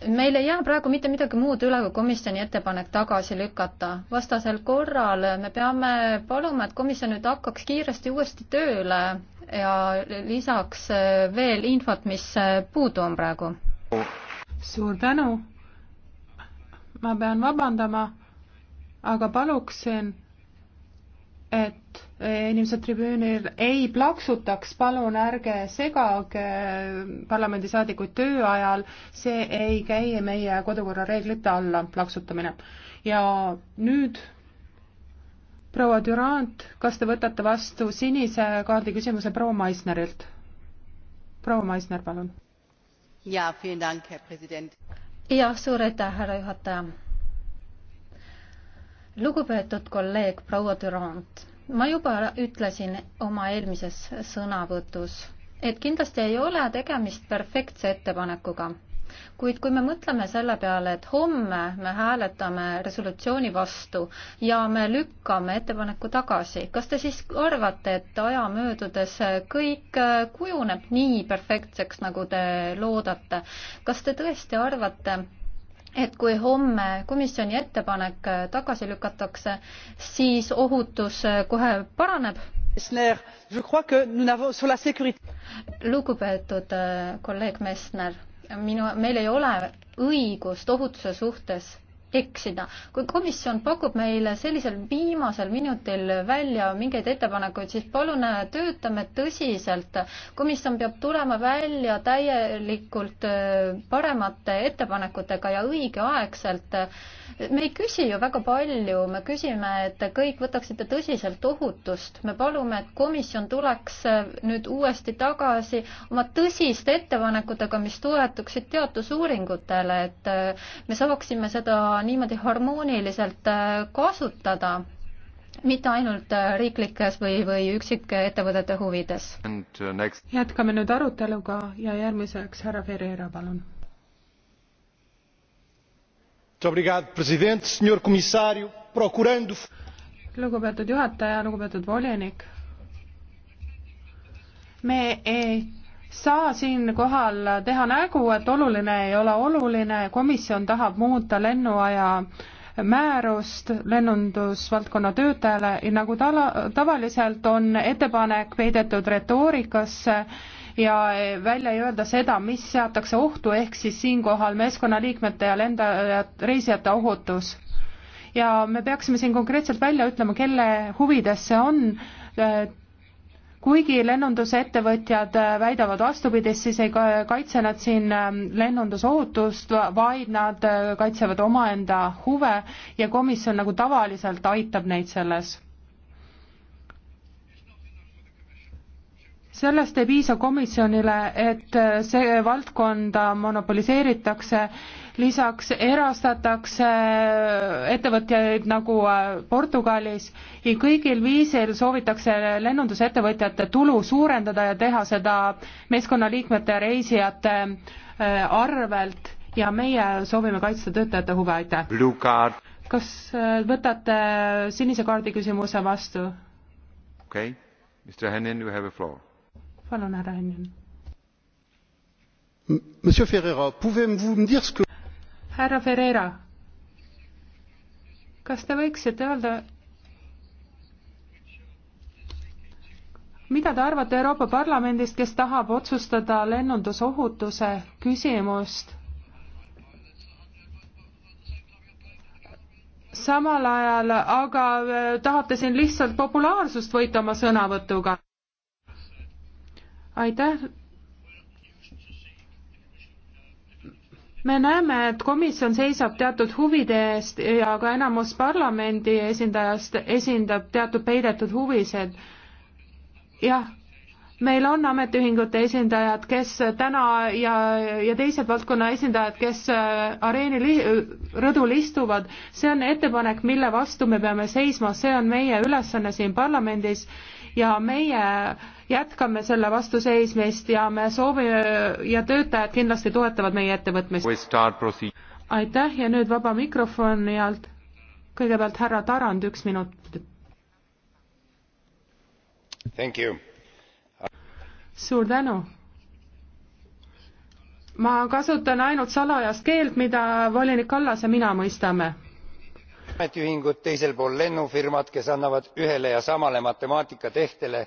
meil ei jää praegu mitte midagi muud üle, kui komisjoni ettepanek tagasi lükata. vastasel korral me peame paluma, et komisjon nüüd hakkaks kiiresti uuesti tööle ja lisaks veel infot, mis puudu on praegu. suur tänu. ma pean vabandama, aga paluksin, et inimesed tribüünil ei plaksutaks, palun ärge segage parlamendisaadikuid töö ajal, see ei käi meie kodukorra reeglite alla, plaksutamine. ja nüüd proua Durand, kas te võtate vastu sinise kaardi küsimuse proua Maisnerilt? proua Maisner, palun. jaa, suur aitäh, härra juhataja. lugupeetud kolleeg proua Durand ma juba ütlesin oma eelmises sõnavõtus, et kindlasti ei ole tegemist perfektse ettepanekuga, kuid kui me mõtleme selle peale, et homme me hääletame resolutsiooni vastu ja me lükkame ettepaneku tagasi, kas te siis arvate, et aja möödudes kõik kujuneb nii perfektseks, nagu te loodate? kas te tõesti arvate, et kui homme komisjoni ettepanek äh, tagasi lükatakse, siis ohutus äh, kohe paraneb. lugupeetud äh, kolleeg Messner, minu, meil ei ole õigust ohutuse suhtes eksida. kui komisjon pakub meile sellisel viimasel minutil välja mingeid ettepanekuid, siis palun äh, töötame tõsiselt. komisjon peab tulema välja täielikult äh, paremate ettepanekutega ja õigeaegselt. me ei küsi ju väga palju, me küsime, et kõik võtaksite tõsiselt ohutust. me palume, et komisjon tuleks äh, nüüd uuesti tagasi oma tõsiste ettepanekutega, mis toetuksid teadusuuringutele, et me saaksime seda niimoodi harmooniliselt äh, kasutada, mitte ainult äh, riiklikes või, või üksikettevõtete huvides. Uh, jätkame nüüd aruteluga ja järgmiseks härra Ferreira, palun. lugupeetud juhataja, lugupeetud volinik me ei saa siinkohal teha nägu, et oluline ei ole oluline, komisjon tahab muuta lennuaja määrust lennundusvaldkonna töötajale ja nagu tala, tavaliselt on ettepanek peidetud retoorikasse ja välja ei öelda seda, mis seatakse ohtu, ehk siis siinkohal meeskonnaliikmete ja lendajad, reisijate ohutus. ja me peaksime siin konkreetselt välja ütlema, kelle huvides see on, kuigi lennundusettevõtjad äh, väidavad vastupidist, siis ei kaitse nad siin äh, lennundusohutust, vaid nad äh, kaitsevad omaenda huve ja komisjon nagu tavaliselt aitab neid selles sellest ei piisa komisjonile, et see valdkonda monopoliseeritakse lisaks erastatakse ettevõtjaid nagu äh, Portugalis ja kõigil viisil soovitakse lennundusettevõtjate tulu suurendada ja teha seda meeskonnaliikmete ja reisijate äh, arvelt ja meie soovime kaitsta töötajate huve, aitäh! kas äh, võtate sinise kaardi küsimuse vastu? okei okay., Mr Hennin, you have a floor. palun, härra Hennin. Monsieur Ferreira, pouvez-vous me dire ce que härra Ferreira, kas te võiksite öelda, mida te arvate Euroopa Parlamendist, kes tahab otsustada lennundusohutuse küsimust? samal ajal aga äh, tahate siin lihtsalt populaarsust võita oma sõnavõtuga. aitäh me näeme, et komisjon seisab teatud huvide eest ja ka enamus parlamendi esindajast esindab teatud peidetud huvisid. jah, meil on ametiühingute esindajad, kes täna ja, ja teised valdkonna esindajad, kes äh, areeni li, rõdul istuvad, see on ettepanek, mille vastu me peame seisma, see on meie ülesanne siin parlamendis ja meie äh, jätkame selle vastu seismist ja me soovime ja töötajad kindlasti toetavad meie ettevõtmist. aitäh ja nüüd vaba mikrofoni alt. kõigepealt härra Tarand, üks minut. suur tänu ma kasutan ainult salajast keelt, mida volinik Kallas ja mina mõistame. ametiühingud teisel pool lennufirmad, kes annavad ühele ja samale matemaatikatehtele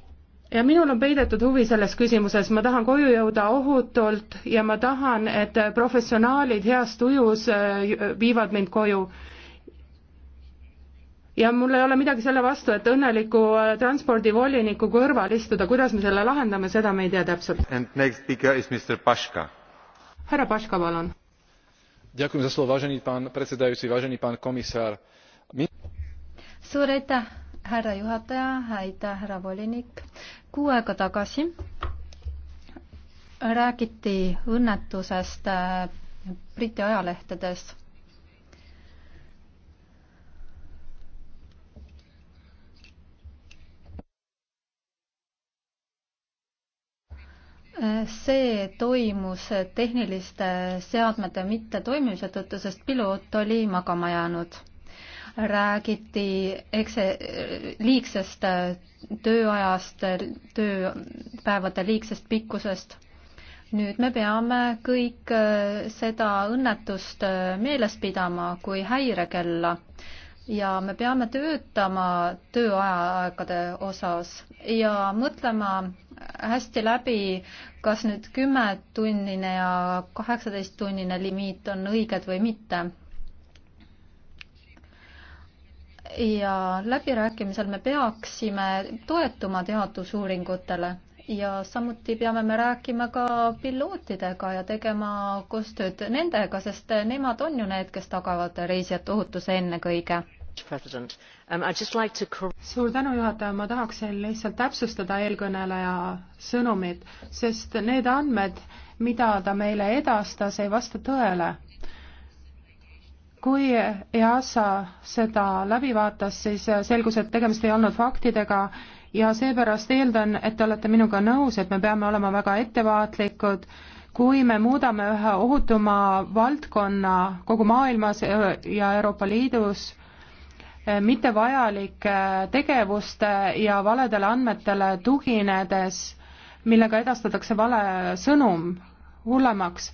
ja minul on peidetud huvi selles küsimuses, ma tahan koju jõuda ohutult ja ma tahan, et professionaalid heas tujus äh, viivad mind koju. ja mul ei ole midagi selle vastu, et õnneliku äh, transpordivoliniku kõrval istuda, kuidas me selle lahendame, seda me ei tea täpselt. härra Paška, palun. suur aitäh, härra juhataja, aitäh, härra volinik kuu aega tagasi räägiti õnnetusest äh, Briti ajalehtedes. see toimus tehniliste seadmete mittetoimimise tõttu, sest piloot oli magama jäänud räägiti ekse-, liigsest äh, tööajast, tööpäevade liigsest pikkusest. nüüd me peame kõik äh, seda õnnetust äh, meeles pidama kui häirekella ja me peame töötama tööajaegade osas ja mõtlema hästi läbi, kas nüüd kümme tunnine ja kaheksateist tunnine limiit on õiged või mitte ja läbirääkimisel me peaksime toetuma teadusuuringutele ja samuti peame me rääkima ka pilootidega ja tegema koostööd nendega, sest nemad on ju need, kes tagavad reisijate ohutuse ennekõige um, suur tänu juhataja ma tahaksin lihtsalt täpsustada eelkõneleja sõnumit sest need andmed mida ta meile edastas ei vasta tõele kui EASA seda läbi vaatas, siis selgus, et tegemist ei olnud faktidega ja seepärast eeldan, et te olete minuga nõus, et me peame olema väga ettevaatlikud, kui me muudame ühe ohutuma valdkonna kogu maailmas ja Euroopa Liidus eh, mittevajalike tegevuste ja valedele andmetele tuginedes, millega edastatakse vale sõnum hullemaks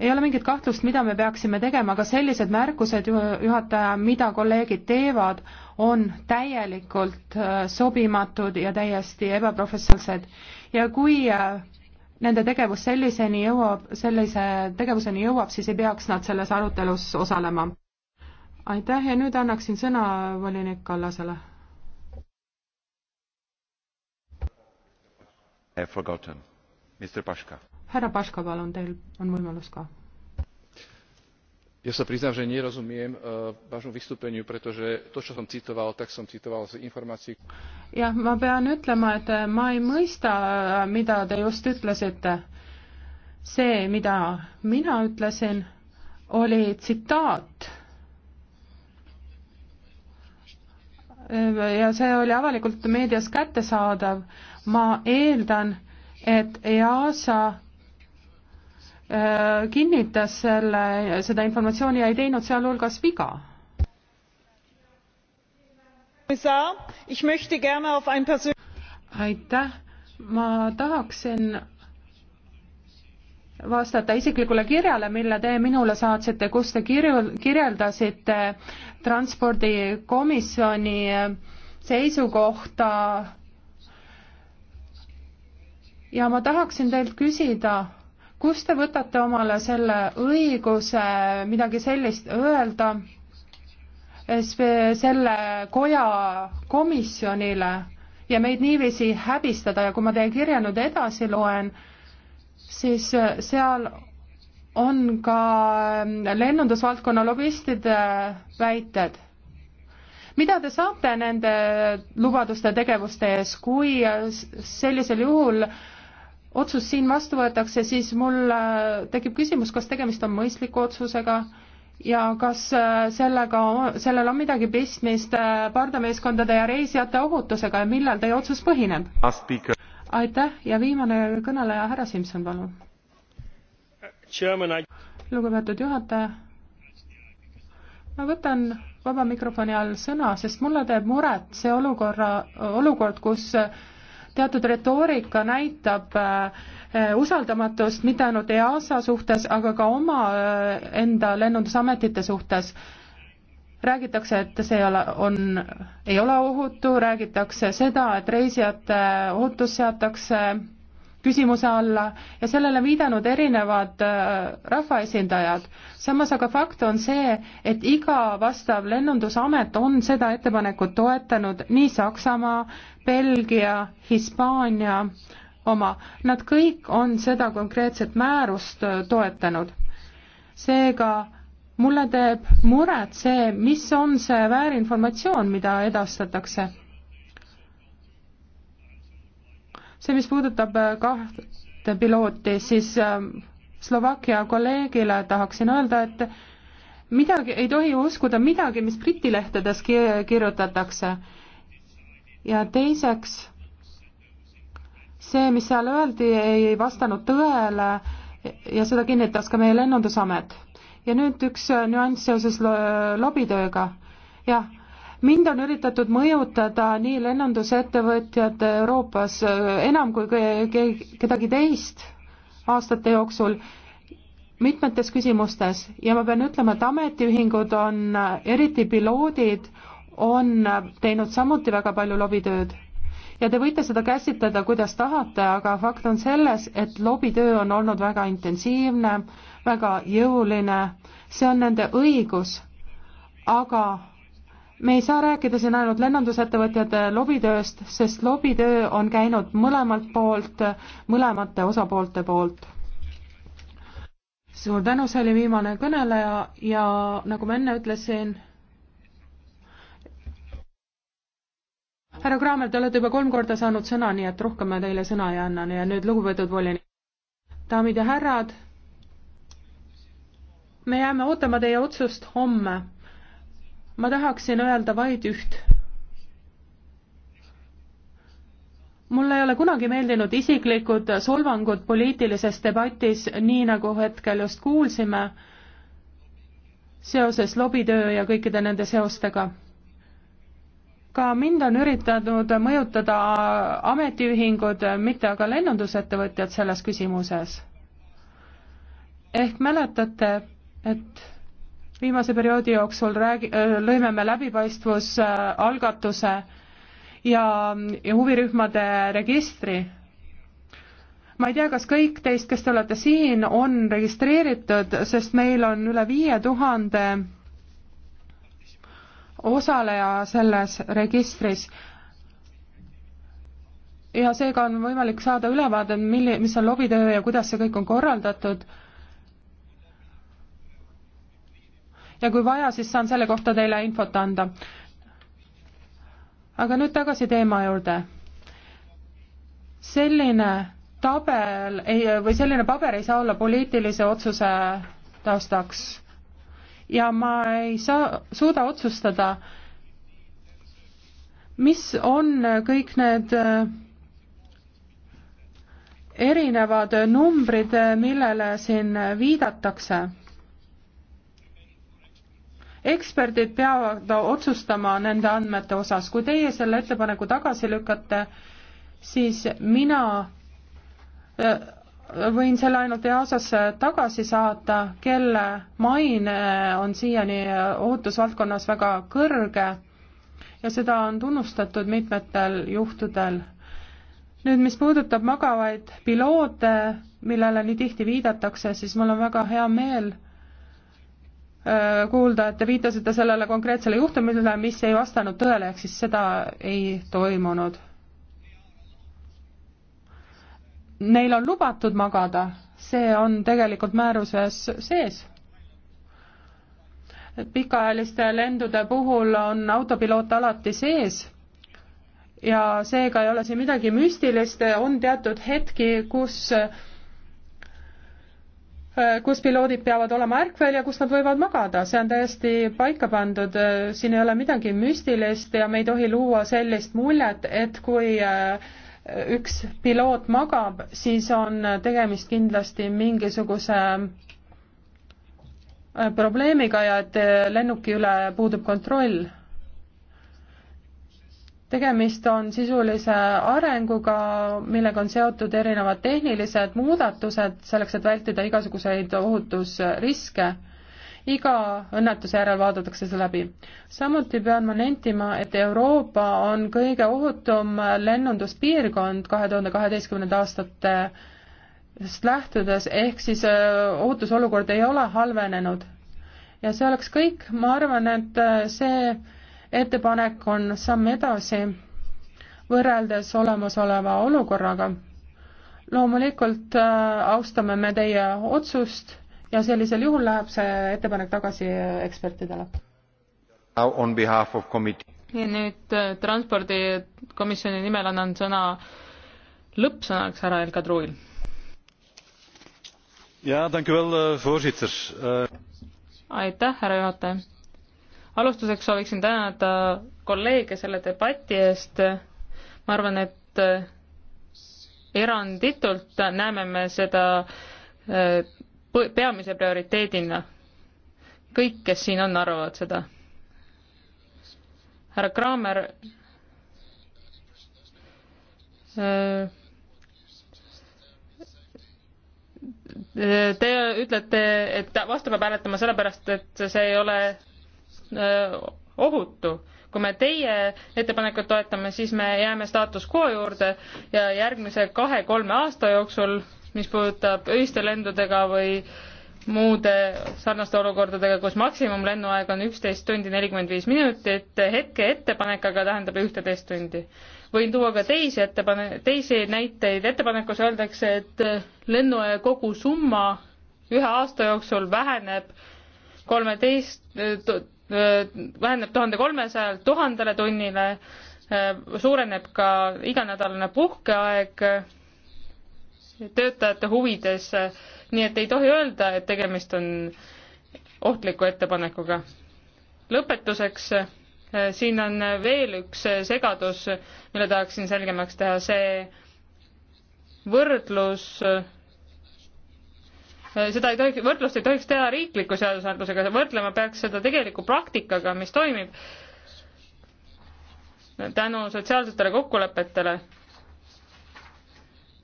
ei ole mingit kahtlust, mida me peaksime tegema, aga sellised märkused, juhataja, mida kolleegid teevad, on täielikult äh, sobimatud ja täiesti ebaprofessionaalsed. ja kui äh, nende tegevus selliseni jõuab, sellise tegevuseni jõuab, siis ei peaks nad selles arutelus osalema. aitäh ja nüüd annaksin sõna volinik Kallasele. I have forgotten. Mr Paška härra Paška, palun, teil on võimalus ka. Ja sa priznám, že nerozumiem uh, eh, vášmu vystúpeniu, pretože to, čo som citoval, tak som citoval z informácií. Jah, ma pean ütlema, et ma ei mõista, mida te just ütlesite. See, mida mina ütlesin, oli tsitaat. ja see oli avalikult meedias kättesaadav. ma eeldan, et EASA Äh, kinnitas selle, seda informatsiooni ja ei teinud sealhulgas viga. aitäh, ma tahaksin vastata isiklikule kirjale, mille te minule saatsite, kus te kirju-, kirjeldasite transpordikomisjoni seisukohta ja ma tahaksin teilt küsida, kust te võtate omale selle õiguse midagi sellist öelda selle koja komisjonile ja meid niiviisi häbistada ja kui ma teie kirja nüüd edasi loen, siis seal on ka lennundusvaldkonna lobistide väited. mida te saate nende lubaduste tegevuste ees, kui sellisel juhul äh, otsus siin vastu võetakse, siis mul äh, tekib küsimus, kas tegemist on mõistliku otsusega ja kas äh, sellega, sellel on midagi pistmist äh, pardameeskondade ja reisijate ohutusega ja millel teie otsus põhineb? aitäh ja viimane kõneleja, härra Simson, palun. lugupeetud juhataja, ma võtan vaba mikrofoni all sõna, sest mulle teeb muret see olukorra, olukord, kus teatud retoorika näitab äh, usaldamatust mitte ainult EASA suhtes, aga ka omaenda äh, lennundusametite suhtes räägitakse, et see ei ole, on, ei ole ohutu, räägitakse seda, et reisijate ohutus seatakse küsimuse alla ja sellele viidanud erinevad äh, rahvaesindajad. samas aga fakt on see, et iga vastav lennundusamet on seda ettepanekut toetanud, nii Saksamaa, Belgia, Hispaania oma, nad kõik on seda konkreetset määrust äh, toetanud. seega mulle teeb muret see, mis on see väärinformatsioon, mida edastatakse see, mis puudutab äh, kahte pilooti, siis ähm, Slovakkia kolleegile tahaksin öelda, et midagi, ei tohi uskuda midagi, mis Briti lehtedes kirjutatakse. ja teiseks, see, mis seal öeldi, ei vastanud tõele ja seda kinnitas ka meie lennundusamet. ja nüüd üks äh, nüanss seoses lobitööga. jah mind on üritatud mõjutada nii lennundusettevõtjad Euroopas äh, enam kui kedagi teist aastate jooksul mitmetes küsimustes ja ma pean ütlema, et ametiühingud on, äh, eriti piloodid, on äh, teinud samuti väga palju lobitööd. ja te võite seda käsitleda, kuidas tahate, aga fakt on selles, et lobitöö on olnud väga intensiivne, väga jõuline, see on nende õigus, aga me ei saa rääkida siin ainult lennundusettevõtjate lobitööst, sest lobitöö on käinud mõlemalt poolt, mõlemate osapoolte poolt. suur tänu, see oli viimane kõneleja ja nagu ma enne ütlesin, härra Kraamer, te olete juba kolm korda saanud sõna, nii et rohkem ma teile sõna ei anna ja nüüd lugupeetud volinik, daamid ja härrad, me jääme ootama teie otsust homme ma tahaksin öelda vaid üht. mulle ei ole kunagi meeldinud isiklikud solvangud poliitilises debatis, nii nagu hetkel just kuulsime, seoses lobitöö ja kõikide nende seostega ka mind on üritanud mõjutada ametiühingud, mitte aga lennundusettevõtjad selles küsimuses. ehk mäletate, et viimase perioodi jooksul räägi-, äh, lõime me läbipaistvusalgatuse ja, ja huvirühmade registri. ma ei tea, kas kõik teist, kes te olete siin, on registreeritud, sest meil on üle viie tuhande osaleja selles registris ja seega on võimalik saada ülevaade, milli-, mis on lobitöö ja kuidas see kõik on korraldatud ja kui vaja, siis saan selle kohta teile infot anda. aga nüüd tagasi teema juurde. selline tabel ei, või selline paber ei saa olla poliitilise otsuse taustaks. ja ma ei saa, suuda otsustada, mis on kõik need äh, erinevad numbrid, millele siin viidatakse eksperdid peavad otsustama nende andmete osas. kui teie selle ettepaneku tagasi lükkate, siis mina äh, võin selle ainult EASA-sse tagasi saata, kelle maine on siiani äh, ohutusvaldkonnas väga kõrge ja seda on tunnustatud mitmetel juhtudel. nüüd, mis puudutab magavaid piloote, millele nii tihti viidatakse, siis mul on väga hea meel Äh, kuulda, et te viitasite sellele konkreetsele juhtumile, mis ei vastanud tõele, ehk siis seda ei toimunud. Neil on lubatud magada, see on tegelikult määruses sees. pikaajaliste lendude puhul on autopiloot alati sees ja seega ei ole siin midagi müstilist, on teatud hetki, kus Äh, kus piloodid peavad olema ärkvel ja kus nad võivad magada, see on täiesti paika pandud, äh, siin ei ole midagi müstilist ja me ei tohi luua sellist muljet, et kui äh, üks piloot magab, siis on tegemist kindlasti mingisuguse probleemiga ja et lennuki üle puudub kontroll tegemist on sisulise arenguga, millega on seotud erinevad tehnilised muudatused selleks, et vältida igasuguseid ohutusriske. iga õnnetuse järel vaadatakse see läbi. samuti pean ma nentima, et Euroopa on kõige ohutum lennunduspiirkond kahe tuhande kaheteistkümnenda aastate lähtudes, ehk siis äh, ohutusolukord ei ole halvenenud. ja see oleks kõik, ma arvan, et äh, see ettepanek on samm edasi võrreldes olemasoleva olukorraga. loomulikult äh, austame me teie otsust ja sellisel juhul läheb see ettepanek tagasi äh, ekspertidele. ja nüüd äh, transpordikomisjoni nimel annan sõna lõppsõnaks härra Elka Truil. ja, tänku veel, voorsitser. aitäh, härra juhataja alustuseks sooviksin tänada kolleege selle debati eest. ma arvan, et äh, eranditult näeme me seda äh, peamise prioriteedina. kõik, kes siin on, arvavad seda. härra Kraamer äh, Te ütlete, et vastu peab hääletama sellepärast, et see ei ole Äh, ohutu. kui me teie ettepanekut toetame, siis me jääme staatus quo juurde ja järgmise kahe-kolme aasta jooksul, mis puudutab öiste lendudega või muude sarnaste olukordadega, kus maksimumlennuaeg on üksteist tundi nelikümmend viis minutit, hetke ettepanek aga tähendab ühteteist tundi. võin tuua ka teisi ettepane-, teisi näiteid, ettepanekus öeldakse, et lennuaja kogusumma ühe aasta jooksul väheneb kolmeteist väheneb tuhande kolmesajalt tuhandele tunnile, suureneb ka iganädalane puhkeaeg töötajate huvides, nii et ei tohi öelda, et tegemist on ohtliku ettepanekuga. lõpetuseks, siin on veel üks segadus, mille tahaksin selgemaks teha, see võrdlus Äh, seda ei tohiks, võrdlust ei tohiks teha riikliku seadusandlusega, võrdlema peaks seda tegeliku praktikaga, mis toimib tänu sotsiaalsetele kokkulepetele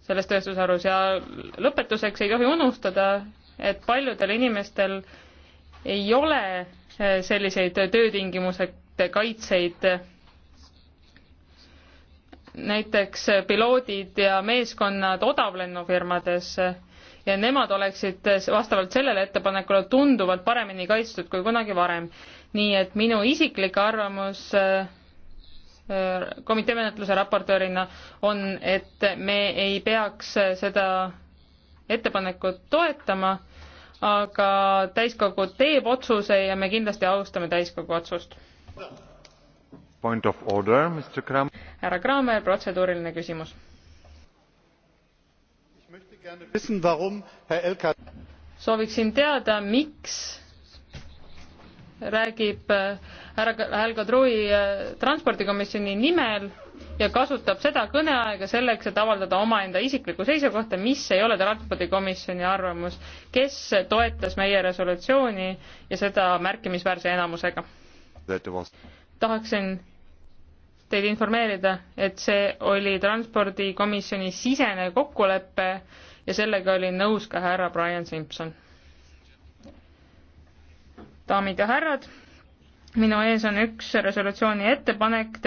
selles tööstusharus ja lõpetuseks ei tohi unustada, et paljudel inimestel ei ole äh, selliseid töötingimused kaitseid. näiteks piloodid ja meeskonnad odavlennufirmades ja nemad oleksid vastavalt sellele ettepanekule tunduvalt paremini kaitstud kui kunagi varem. nii et minu isiklik arvamus äh, komitee menetluse raportöörina on, et me ei peaks seda ettepanekut toetama, aga täiskogu teeb otsuse ja me kindlasti austame täiskogu otsust. härra Kramer, protseduuriline küsimus sooviksin teada, miks räägib äh, härra Häl Kadri äh, transpordikomisjoni nimel ja kasutab seda kõneaega selleks, et avaldada omaenda isiklikku seisukohta, mis ei ole transpordikomisjoni arvamus, kes toetas meie resolutsiooni ja seda märkimisväärse enamusega. tahaksin teid informeerida, et see oli transpordikomisjoni sisene kokkulepe ja sellega oli nõus ka härra Brian Simpson. daamid ja härrad, minu ees on üks resolutsiooni ettepanek,